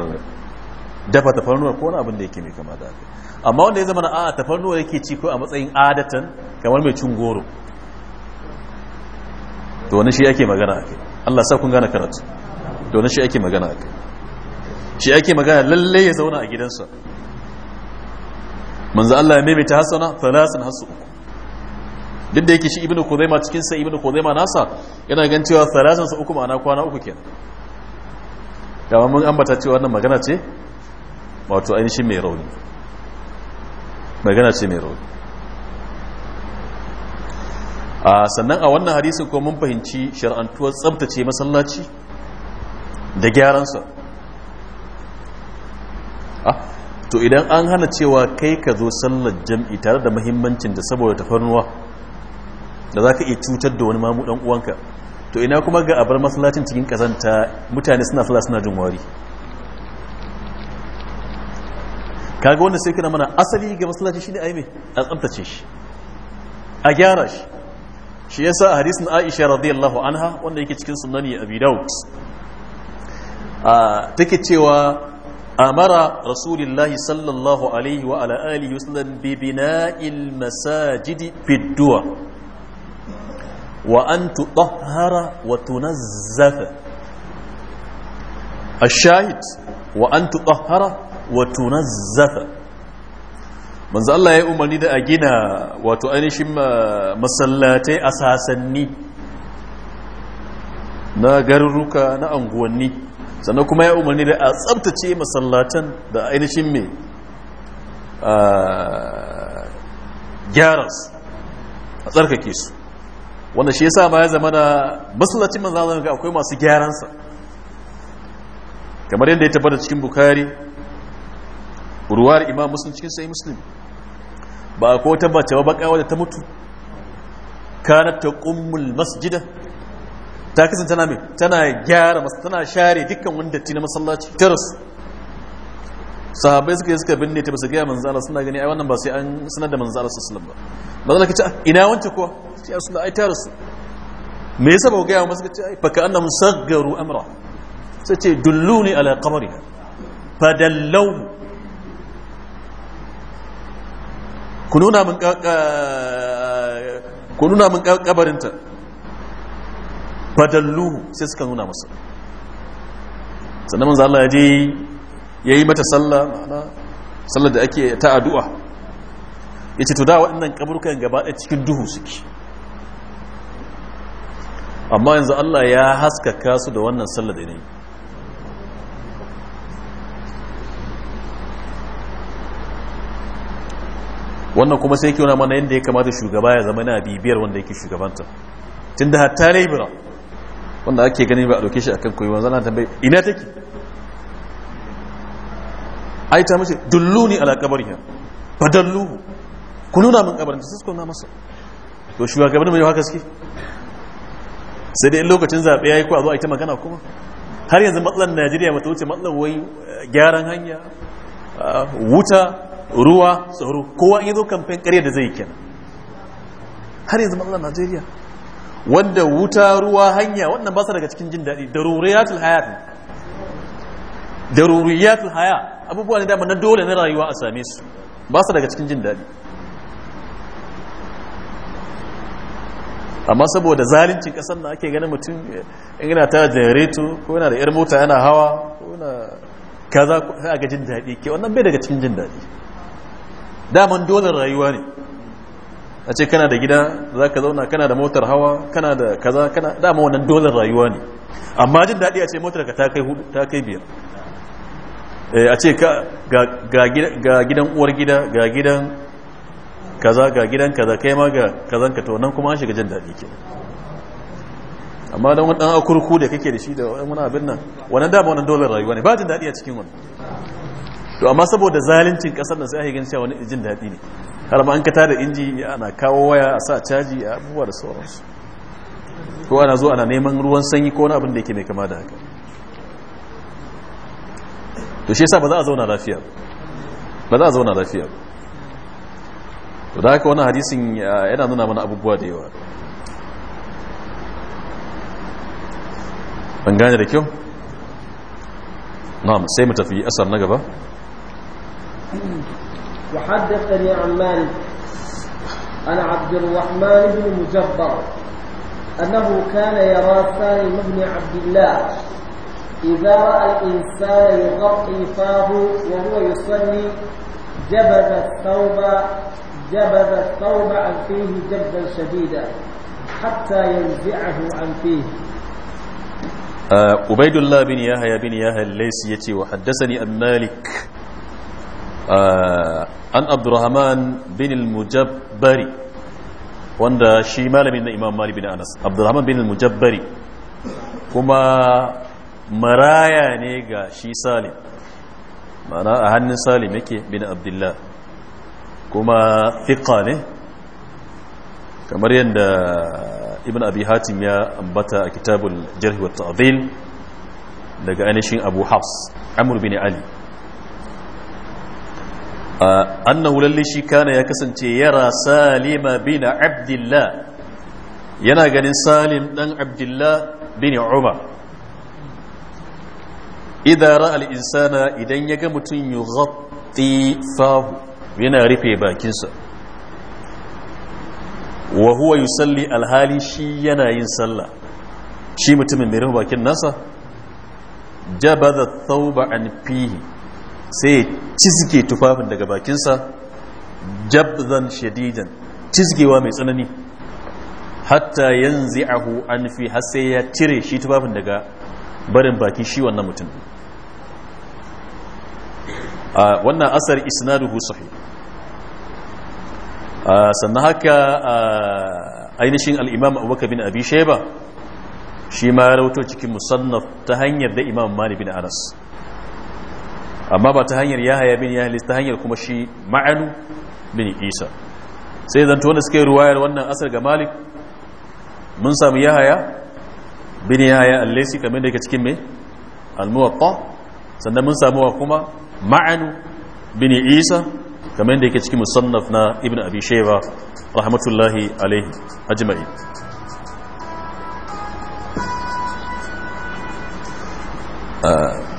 dafa tafarnuwar ko wani abin da yake mai kama da amma wanda ya zama na a tafarnuwar yake ci ko a matsayin adatan kamar mai cin goro to wani shi yake magana ake, Allah sa kun gane karatu to wani shi yake magana ake shi yake magana lalle ya zauna a gidansa manzo Allah ya maimaita hasana thalasan hasu uku duk da yake shi ibnu kuzaima cikin sa ibnu kuzaima nasa yana gan cewa thalasan sa uku ma'ana kwana uku kenan kamar mun ambata cewa wannan magana ce wato ainihin mai rauni magana ce mai rauni sannan a wannan hadisin ko mun fahimci shar'antuwar tsabtace masallaci da gyaransa to idan an hana cewa kai ka zo sallar jam'i tare da muhimmancin da saboda tafarnuwa da za ka iya cutar da wani mamu dan uwanka to ina kuma ga abar masallacin cikin kazanta mutane suna sallah suna jin wari kaga wanda sai kana mana asali ga masallaci shine yi me a tsabtace shi a gyara shi shi yasa hadisin Aisha radiyallahu anha wanda yake cikin sunani Abi Dawud ah, take cewa amara rasulullahi sallallahu alaihi wa ala alihi wasallam bi bina'il masajidi fid wa an tutahhara wa tunazzafa الشاهد وأن تطهر وتنزف manzo Allah ya umarni da a gina wato ainihin uh, masallatai a sasanni na garuruka na anguwanni sannan kuma ya umarni da a tsabtace masallatan da ainihin mai uh, gyaras a tsarkake su wanda shi yasa ma ya zama da masallacin manzo ga akwai masu gyaransa kamar yadda ya tabbata cikin bukari ruwar imam muslim cikin sai muslim ba ko ta ba baka wadda ta mutu kanat ta qummul masjida ta kasance tana mai tana gyara masa, tana share dukkan wani datti na masallaci ta rasu sahabai suka yi suka binne ta basu gaya Allah suna gani ai wannan ba sai an sanar da alaihi wasallam ba manzala ka ce ah, ina wancan kuwa sai ya suna ai ta rasu me yasa ba gaya masu ka ce ai faka annam sagaru amra sace ce dullu ne ala qamariha fadallahu ku nuna min kabarinta fadallu sai suka nuna masa sannan manzo Allah ya je yayi mata sallah ma'ana sallar da ake ta addu'a yace to da waɗannan kaburkan gaba ɗaya cikin duhu suke amma yanzu Allah ya haskaka su da wannan sallar da ne wannan kuma sai kyau na mana yadda ya kamata shugaba ya zama na bibiyar wanda yake shugabanta tun da hatta laibira wanda ake gani ba a ɗauke shi a kan koyi zana tambayi ina take ai ta mace dullu ne ala kabariya ba dullu ku nuna min kabarin da sisko na masa to shugabannin mai haka suke sai dai lokacin zaɓe ya yi ko a zo a yi ta magana kuma har yanzu matsalar najeriya mata wuce matsalar wai gyaran hanya wuta ruwa tsaro kowa ya zo kamfen ƙarya da zai kenan har yanzu matsalar najeriya wanda wuta ruwa hanya wannan ba su daga cikin jin daɗi daruriyatul hayat ne daruriyatul haya abubuwa ne dama na dole na rayuwa a same su ba su daga cikin jin daɗi amma saboda zalincin ƙasar na ake ganin mutum in eh, yana ta janareto ko yana da 'yar mota yana hawa ko yana kaza a ga jin daɗi ke wannan bai daga cikin jin daɗi daman dole rayuwa ne a ce kana da gida za ka zauna kana da motar hawa kana da kaza kana dama wannan dole rayuwa ne amma jin daɗi a ce motar ka ta kai biyar eh, a ce ga gidan uwar gida ga gidan kaza ga gidan kaza kai ma ga kazan ka to nan kuma an shiga jin daɗi ke amma don wani ɗan akurku da kake da shi da wani abin nan wannan dama wannan dole rayuwa ne ba jin daɗi a cikin wani to amma saboda zalincin kasar da sai ake gani cewa wani injin daɗi ne har ma an ka tada inji ana kawo waya a sa caji a abubuwa da sauransu ko ana zo ana neman ruwan sanyi ko wani abin da yake mai kama da haka to shi yasa ba za a zauna lafiya ba za a zauna lafiya to da haka wannan hadisin yana nuna mana abubuwa da yawa ban gane da kyau na'am sai mu tafi asar na gaba وحدثني عن مالك عن عبد الرحمن بن مجبر أنه كان يرى سالم بن عبد الله إذا رأى الإنسان يغطي فاه وهو يصلي جبذ الثوب جبذ الثوب عن فيه جبذا شديدا حتى ينزعه عن فيه أبيد آه، الله بن ياهي بن ياهي الليثي يتي وحدثني عن مالك an abdurrahman bin al-mujabbari wanda shi malamin na imam malik bin anas abdurrahman bin al-mujabbari kuma maraya ne ga shi salim mana a hannun salim yake bin abdullah kuma fiqa ne kamar yadda ibn abi hatim ya ambata a kitabul jarhi wa ta'dil daga ainihin abu hafs amr bin ali annahu lalle shi kana ya kasance yara salima bin abdullah yana ganin salim dan abdullah bin umar idan ra'al insana idan ya ga mutum yughatti fahu yana rufe bakinsa wa huwa yusalli alhali shi yana yin sallah shi mutumin mai rufe bakin nasa jabada thawba an fihi sai cizge tufafin daga bakinsa jabzan shadidan cizgewa mai tsanani hatta yanzu ahu an fi hasse ya cire shi tufafin daga barin bakin shi wannan mutum wannan asar isnaduhu a sannan haka ainihin al'imam abubakar bin abi sheba shi ma ya rauto cikin musannaf ta hanyar da imam mani bin anas amma ba ta hanyar ya haya bin ya halis ta hanyar kuma shi ma'anu bin isa sai zanto wanda suke ruwayar wannan asar ga malik mun samu haya bin ya haya allaisi kamar da ke cikin mai almuwatta sannan mun samu kuma ma'anu bin isa kamar da ke cikin musannaf na ibn abi shayba rahmatullahi alaihi ajma'in uh,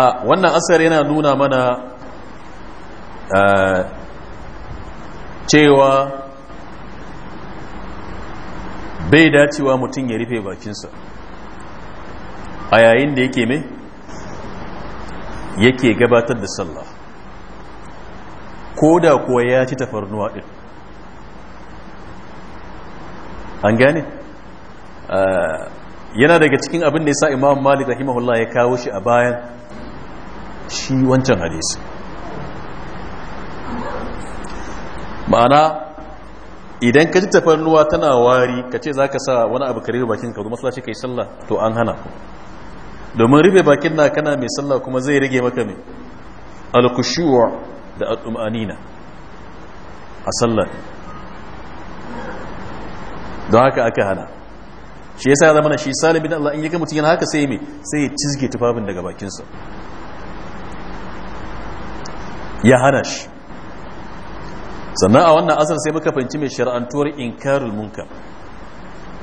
a wannan asar yana nuna mana cewa bai dacewa mutum ya rufe bakinsa a yayin da yake mai yake gabatar da sallah ko da kuwa ya ci tafarnuwa ɗin an gane yana daga cikin abin da ya sa imam malik rahimahullah ya kawo shi a bayan shi wancan hadisi ma'ana idan ka ji tafarnuwa tana wari ka ce za ka sa wani abu rufe bakin ka sula ce ka yi sallah to an hana domin rufe bakin na kana mai sallah kuma zai rage maka mai alkushuwa da al'umanina a sallah don haka aka hana shi ya sa ya zama na shi salibin Allah in yi ga mutum yana haka sai mai sai ya cizge tufafin daga bakinsa ya hana shi sannan a wannan asar sai muka fahimci mai shari'antuwar inkarul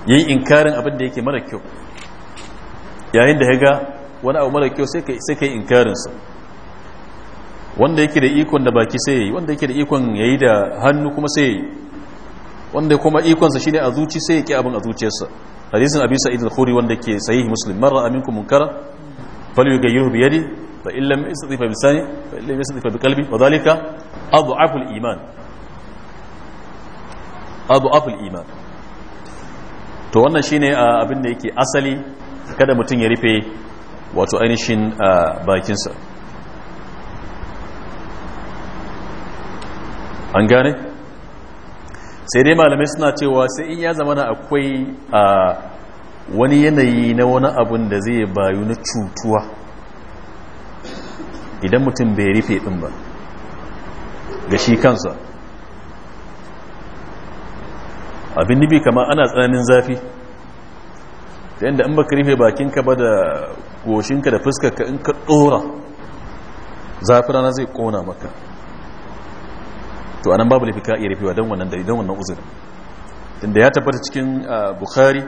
Ya yi inkarin abin da yake mara kyau yayin da ya ga wani abu mara kyau sai ka yi inkarinsa wanda yake da ikon da baki sai yi wanda yake da ikon ya yi da hannu kuma sai yi wanda kuma ikonsa shine a zuci sai ya ƙi abin a zuciyarsa hadisin abin sa'id al-khuri wanda ke sahih muslim marra aminku munkara yi bi yadi fa in lam yastati fa bisani fa in lam yastati fa biqalbi wa dhalika iman adhafu iman to wannan shine abin da yake asali kada mutum ya rufe wato ainihin bakinsa an gane sai dai malamai suna cewa sai in ya zamana akwai wani yanayi na wani abun da zai bayu na cutuwa idan mutum bai rufe ɗin ba ga shi kansa abin nufi kama ana tsananin zafi ta yadda an baka rufe bakinka ba da goshinka da fuskarka in ka ɗora zafi rana zai kona maka to anan babu lafi ka iya rufewa don wannan wannan uzurin inda ya tabbata cikin ah, bukhari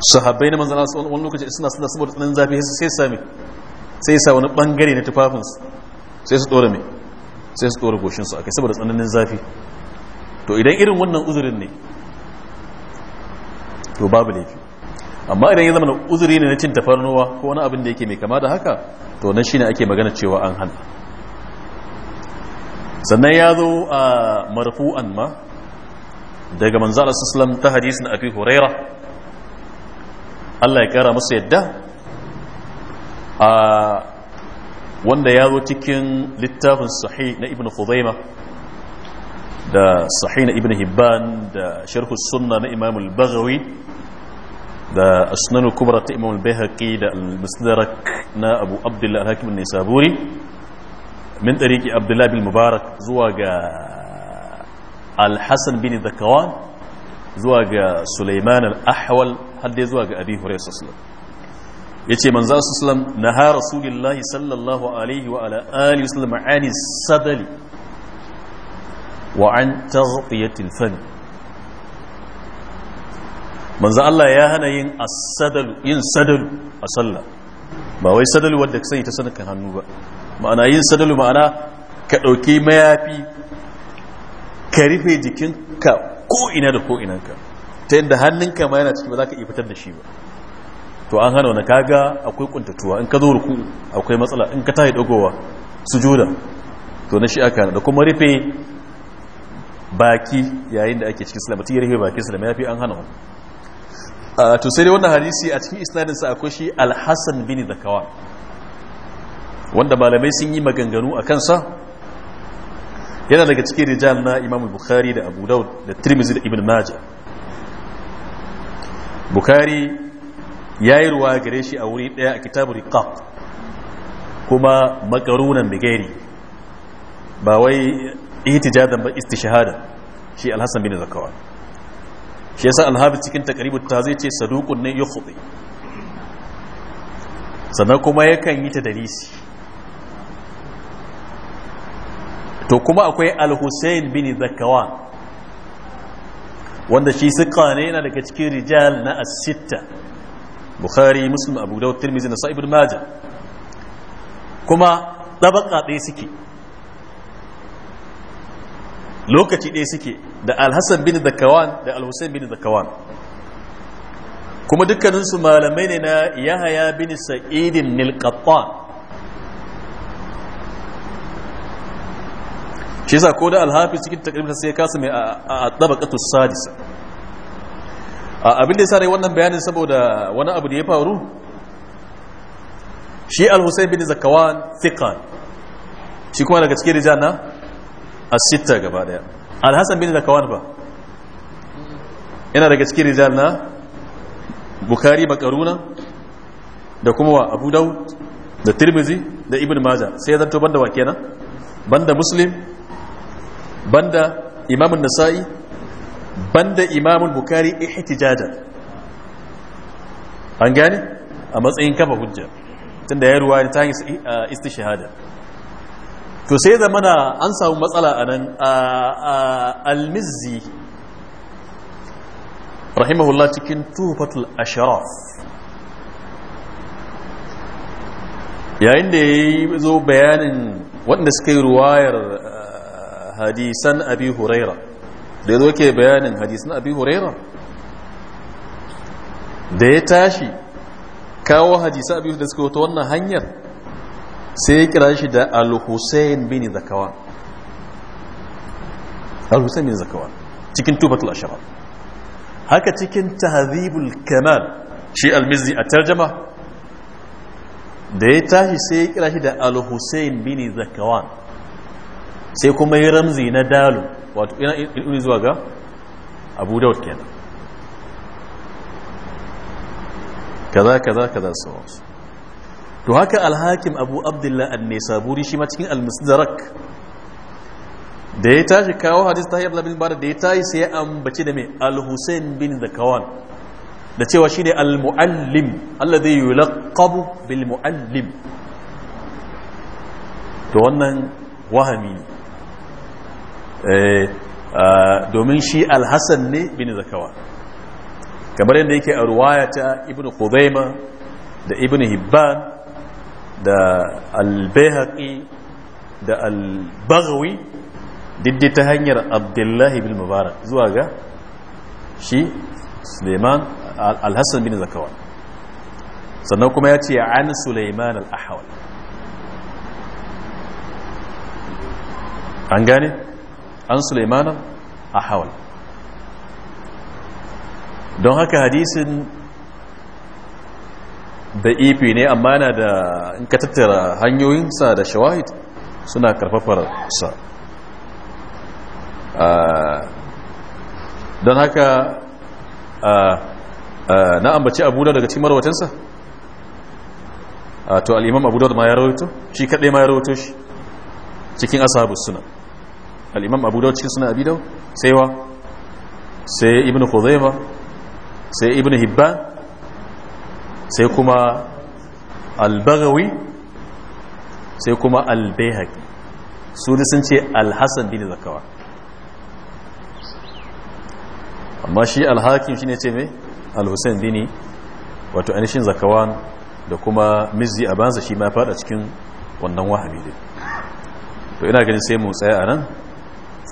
sahabbai na manzana su wani lokaci suna suna saboda tsananin zafi sai sa me sai sa wani bangare na tufafinsu sai su dora me sai su dora goshinsu akai saboda tsananin zafi to idan irin wannan uzurin ne to babu laifi amma idan ya zama uzuri ne na cin tafarnuwa ko wani abin da yake mai kama da haka to nan shine ake magana cewa an hana sannan ya zo a marfu'an ma daga manzo Allah sallallahu ta hadisin Abi Huraira Allah ya kara masa yadda a wanda ya zo cikin littafin sahi na ibn Khuzaima da sahi na ibn Hibban da sharhu sunna na Imam al-Baghawi da asnanu kubra ta Imam al-Baihaqi da al-Musdarak na Abu Abdullah al-Hakim an-Nisaburi min tariqi Abdullah bil Mubarak zuwa ga al-Hasan bin Zakawan zuwa ga Suleiman al-Ahwal har zuwa ga Abi Hurairah ya ce manzo sallallahu na ha rasulullahi sallallahu alaihi wa ala alihi wasallam ani sadali wa an taghtiyati al-fan manzo Allah ya hana yin as-sadalu yin sadalu a sallah ba wai sadalu wanda sai ta sanaka hannu ba ma'ana yin sadalu ma'ana ka ɗauki mayafi ka rufe jikinka Ko ina da ko inanka ta yadda hannunka ma yana ciki ba za ka iya fitar da shi ba to an hana wani kaga akwai kuntatuwa in ka zo ruku akwai matsala in ka tahi dogowa sujuda to na shi aka da kuma rufe baki yayin da ake cikin sulama tun ya rufe baki sulama ya fi an hana wani to sai dai wannan hadisi a cikin isnadinsa akwai shi alhassan bin zakawa wanda malamai sun yi maganganu a kansa yana daga cikin rijal na imam bukhari da abu daud da tirmizi da ibn maja bukhari ya yi ruwa gare shi a wuri daya a kitabu riqaq kuma makarunan bigari ba wai ihtijadan ba istishhada shi alhassan bin zakawa shi yasa alhabi cikin takribut ta zai ce saduqun ne yukhti sannan kuma yakan yi ta dalisi to kuma akwai al-hussein bin zakawan wanda shi suka ne yana daga cikin rijal na asitta bukhari muslim abu dawud tirmidhi na sa'ibul majah kuma tabaka ɗaya suke lokaci ɗaya suke da alhassan bin zakawan da alhussein bin zakawan kuma dukkaninsu malamai ne na yahaya bin sa'idin nilqattan shi yasa ko da alhafi cikin takribin sai kasu mai a tabaqatu sadisa abin da yasa rai wannan bayanin saboda wani abu da ya faru shi al-husayn bin zakawan thiqan shi kuma daga cikin rijal na as gaba daya al-hasan bin zakawan ba yana daga cikin rijal na bukhari makaruna da kuma wa abu daud da tirmizi da ibn majah sai ya zanto banda wa kenan banda muslim banda imamun nasa'i banda imamun bukari ihtijajan an gane a matsayin kafa hujja tunda ya ruwa ta hanyar uh, istishhada to sai da mana an samu matsala a nan almizzi rahimahullah cikin tufatul ashraf yayin da ya zo bayanin waɗanda suka yi ruwayar uh, hadisan abi huraira da ya zo ke bayanin hadisan abi huraira da ya tashi kawo hadisan abi da suka wata wannan hanyar sai ya kira shi da al-hussein bin zakawan al-hussein bin zakawan cikin tubatul ashirar haka cikin tahzibul kamal shi al-mizzi a tarjama da ya tashi sai ya kira shi da al-hussein bin zakawan sai kuma yi ramzi na dalu wato ina ilimin zuwa ga abu daud kenan kaza kaza kaza sauransu to haka alhakim abu Abdullahi an shi ma cikin al da ya tashi kawo hadis ta yabla bin bara da ya tashi sai ya ambaci da mai Alhussein bin zakawan da cewa shine ne almu'allim alladhi yulaqabu bil muallim to wannan wahami Eh, domin shi alhassan ne bin zakawa kamar yadda yake a ruwaya ta ibn khuzaima da ibn hibban da albehaki da albagawi diddi ta hanyar abdullahi bin mubarak zuwa ga shi suleiman alhassan bin zakawa sannan kuma ya ce an suleiman al'ahawar an gane? an suleiman a hawal don haka hadisin da ifi ne amma yana da in ka tattara hanyoyin da shawahid suna karfafar sa ah, don haka ah, ah, na ambaci abu da daga cikin marwatansa to al'imam abu da ma ya rawaito shi kaɗai ma ya rawaito shi cikin asabu sunan al’imam abu dawud cikin sunan abi sai wa sai ibn khuzaima sai ibn Hibba sai kuma al-baghawi sai kuma al-bayhaqi su sun ce al-hasan bin zakawa amma shi al-hakim ne ce me al-husayn bin wato anishin zakawan da kuma mizzi banza shi ma fada cikin wannan wahabi din to ina ganin sai mu tsaya a nan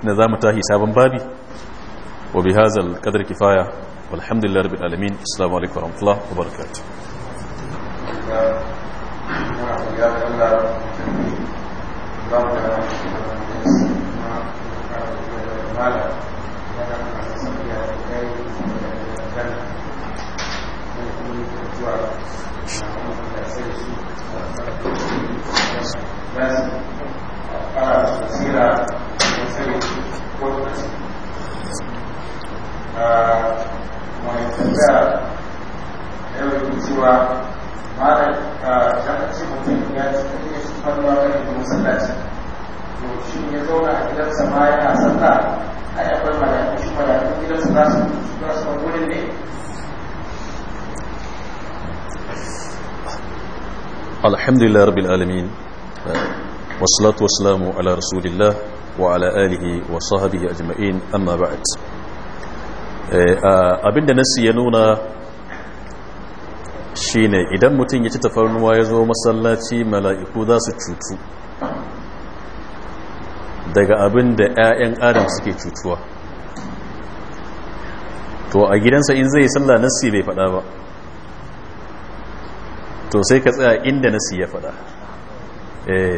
da za mu tahi sabon babi wa bi hazal kadar kifaya walhamdulillah rabbil alamin assalamu alaikum warahmatullahi wabarakatuh Gracias. para su alhamdulillah rabbil alamin wasu salatu wasu ala rasulillah وعلى آله وصحبه أجمعين أما بعد abinda nasi ya nuna shine idan mutum ya ci tafarnuwa ya zo masallaci mala'iku za su cutu daga abin da 'ya'yan adam suke cutuwa to a gidansa in zai salla nasi bai fada ba to sai ka tsaya inda nasi ya fada eh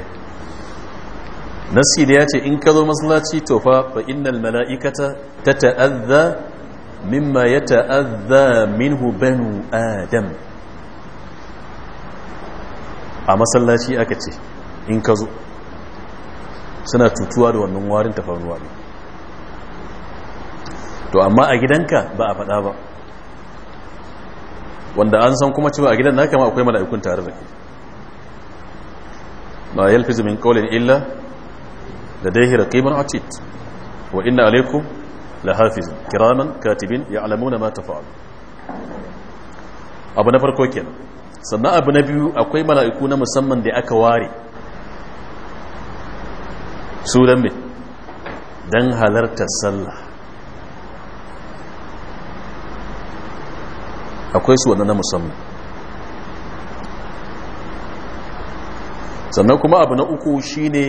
nasi da ya ce in ka zo masallaci to fa fa innal mala'ikata ta ta'adza mimma ya ta'adza minhu banu adam a masallaci aka ce in ka zo suna tutuwa da wannan warin tafarnuwa ne to amma a gidanka ba a faɗa ba wanda an san kuma cewa a gidan naka ma akwai mala'ikun tare da ke. ma yalfizu min qawlin illa لديه رقيب عتيد وإن عليكم لحافظ كراما كاتبين يعلمون ما تفعل abu na farko kenan sannan abu na biyu akwai mala'iku na musamman da aka ware su don me don halartar sallah akwai su na musamman sannan kuma abu na uku shine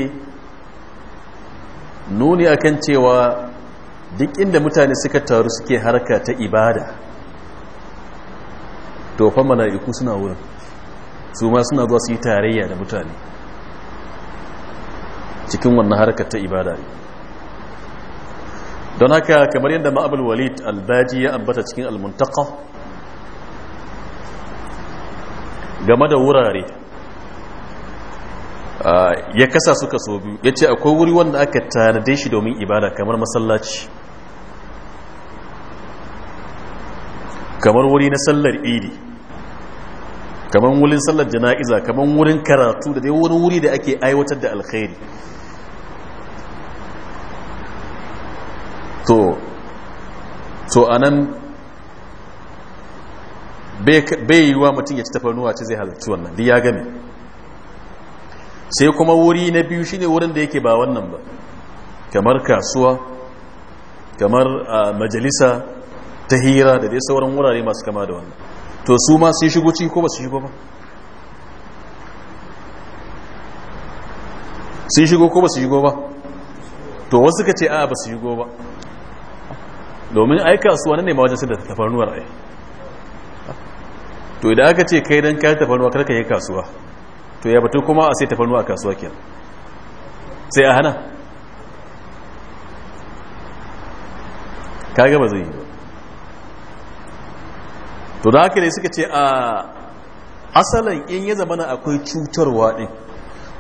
nuni akan cewa duk inda mutane suka taru suke harka ta ibada to fa mala'iku suna wurin su ma suna zuwa su yi tarayya da mutane cikin wannan harka ta ibada don haka kamar yadda ma'abul walid albaji ya ambata cikin almuntaka game da wurare Ah, ya kasa suka so biyu ya ce akwai wuri wanda aka tanade shi domin ibada kamar masallaci kamar wuri na sallar idi kamar wurin sallar jana'iza kamar wurin karatu da dai wani wuri da ake aiwatar da alkhairi to to anan bai yi wa mutum ya ci tafarnuwa ce zai halarci wannan duk ya gami. sai kuma wuri na biyu shine wurin da yake ba wannan ba kamar kasuwa kamar majalisa ta hira da dai sauran wurare masu kama da wannan to su ma sai shigo ciki ko ba su shigo ba sun shigo ko ba su shigo ba to wasu ka ce a ba su shigo ba domin ai kasuwa ne ma wajen sai da tafarnuwar ai to idan aka ce kai dan kayan tafarnuwa karka yi kasuwa to ya batu kuma a sai tafarnuwa a kasuwa kenan sai a hana kaga ba zai yi ba to da haka ne suka ce a asalin in ya zamana akwai cutarwa ɗin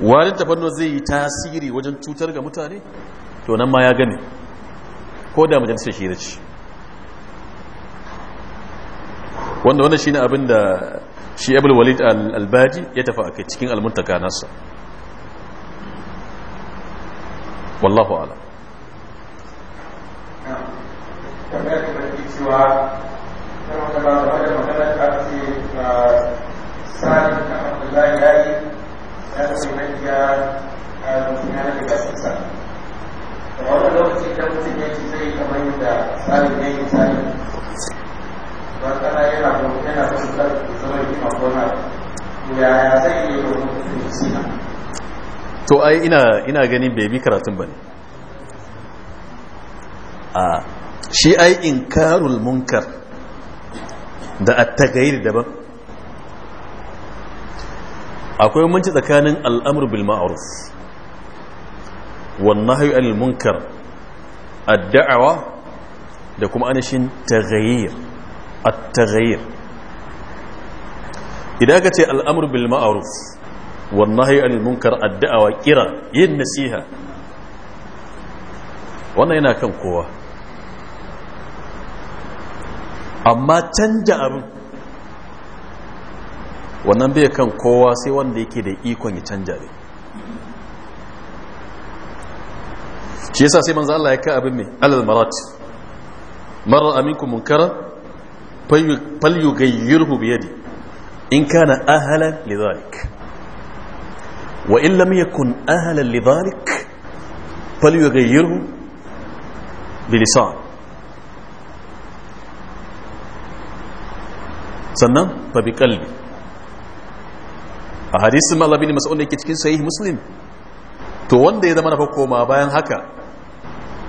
warin tafarnuwa zai yi tasiri wajen cutar ga mutane to nan ma ya gani, ko da majalisar shirici ce. wanda wannan shine abin da shi abul walid al ya tafi a cikin almuntaka nasa wallahu ala to ai ina ina ganin bai bi karatun bane a shi ai inkarul munkar da attagayir daban akwai munci tsakanin al'amur bil ma'ruf wan nahyu anil munkar ad-da'wa da kuma anashin taghayir at-taghayir idan ka ce al'amur bil ma'aruf wallahi al-munkar addu’awa kira yin nasiha wannan yana kan kowa amma canja abin wannan bai kan kowa sai wanda yake da ikon ya canja ne shi yasa sai manzan Allah ya ka abin mai alal marat marar aminku munkara falyugayyirhu biyadi إن كان أهلا لذلك وإن لم يكن أهلا لذلك فليغيره بلسان sannan fa bi kalbi a hadisin malabi ne masu ke cikin sahih muslim to wanda ya zama na fa koma bayan haka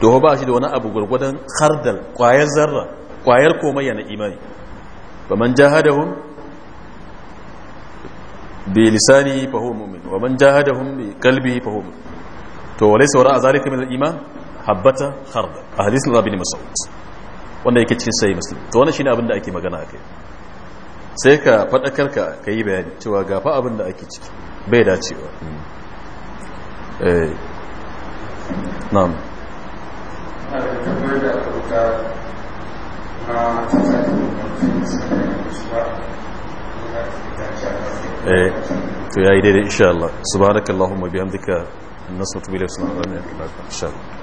to ba shi da wani abu gurgudan khardal kwayar zarra kwayar komayya na imani faman jahadahum bi lisani fa huwa mu'min wa man jahadahum bi qalbi fa huwa mu'min to walaysa wara zalika min al-iman habbata khardal a hadisin Rabi Mas'ud wanda yake cikin sai muslim to wannan shine abin da ake magana akai sai ka fadakar karka ka yi bayani cewa ga fa abin da ake ciki bai dacewa eh na'am na eh to yayi daidai insha Allah subhanakallahumma bihamdika nasmatu billahi subhanahu wa ta'ala insha Allah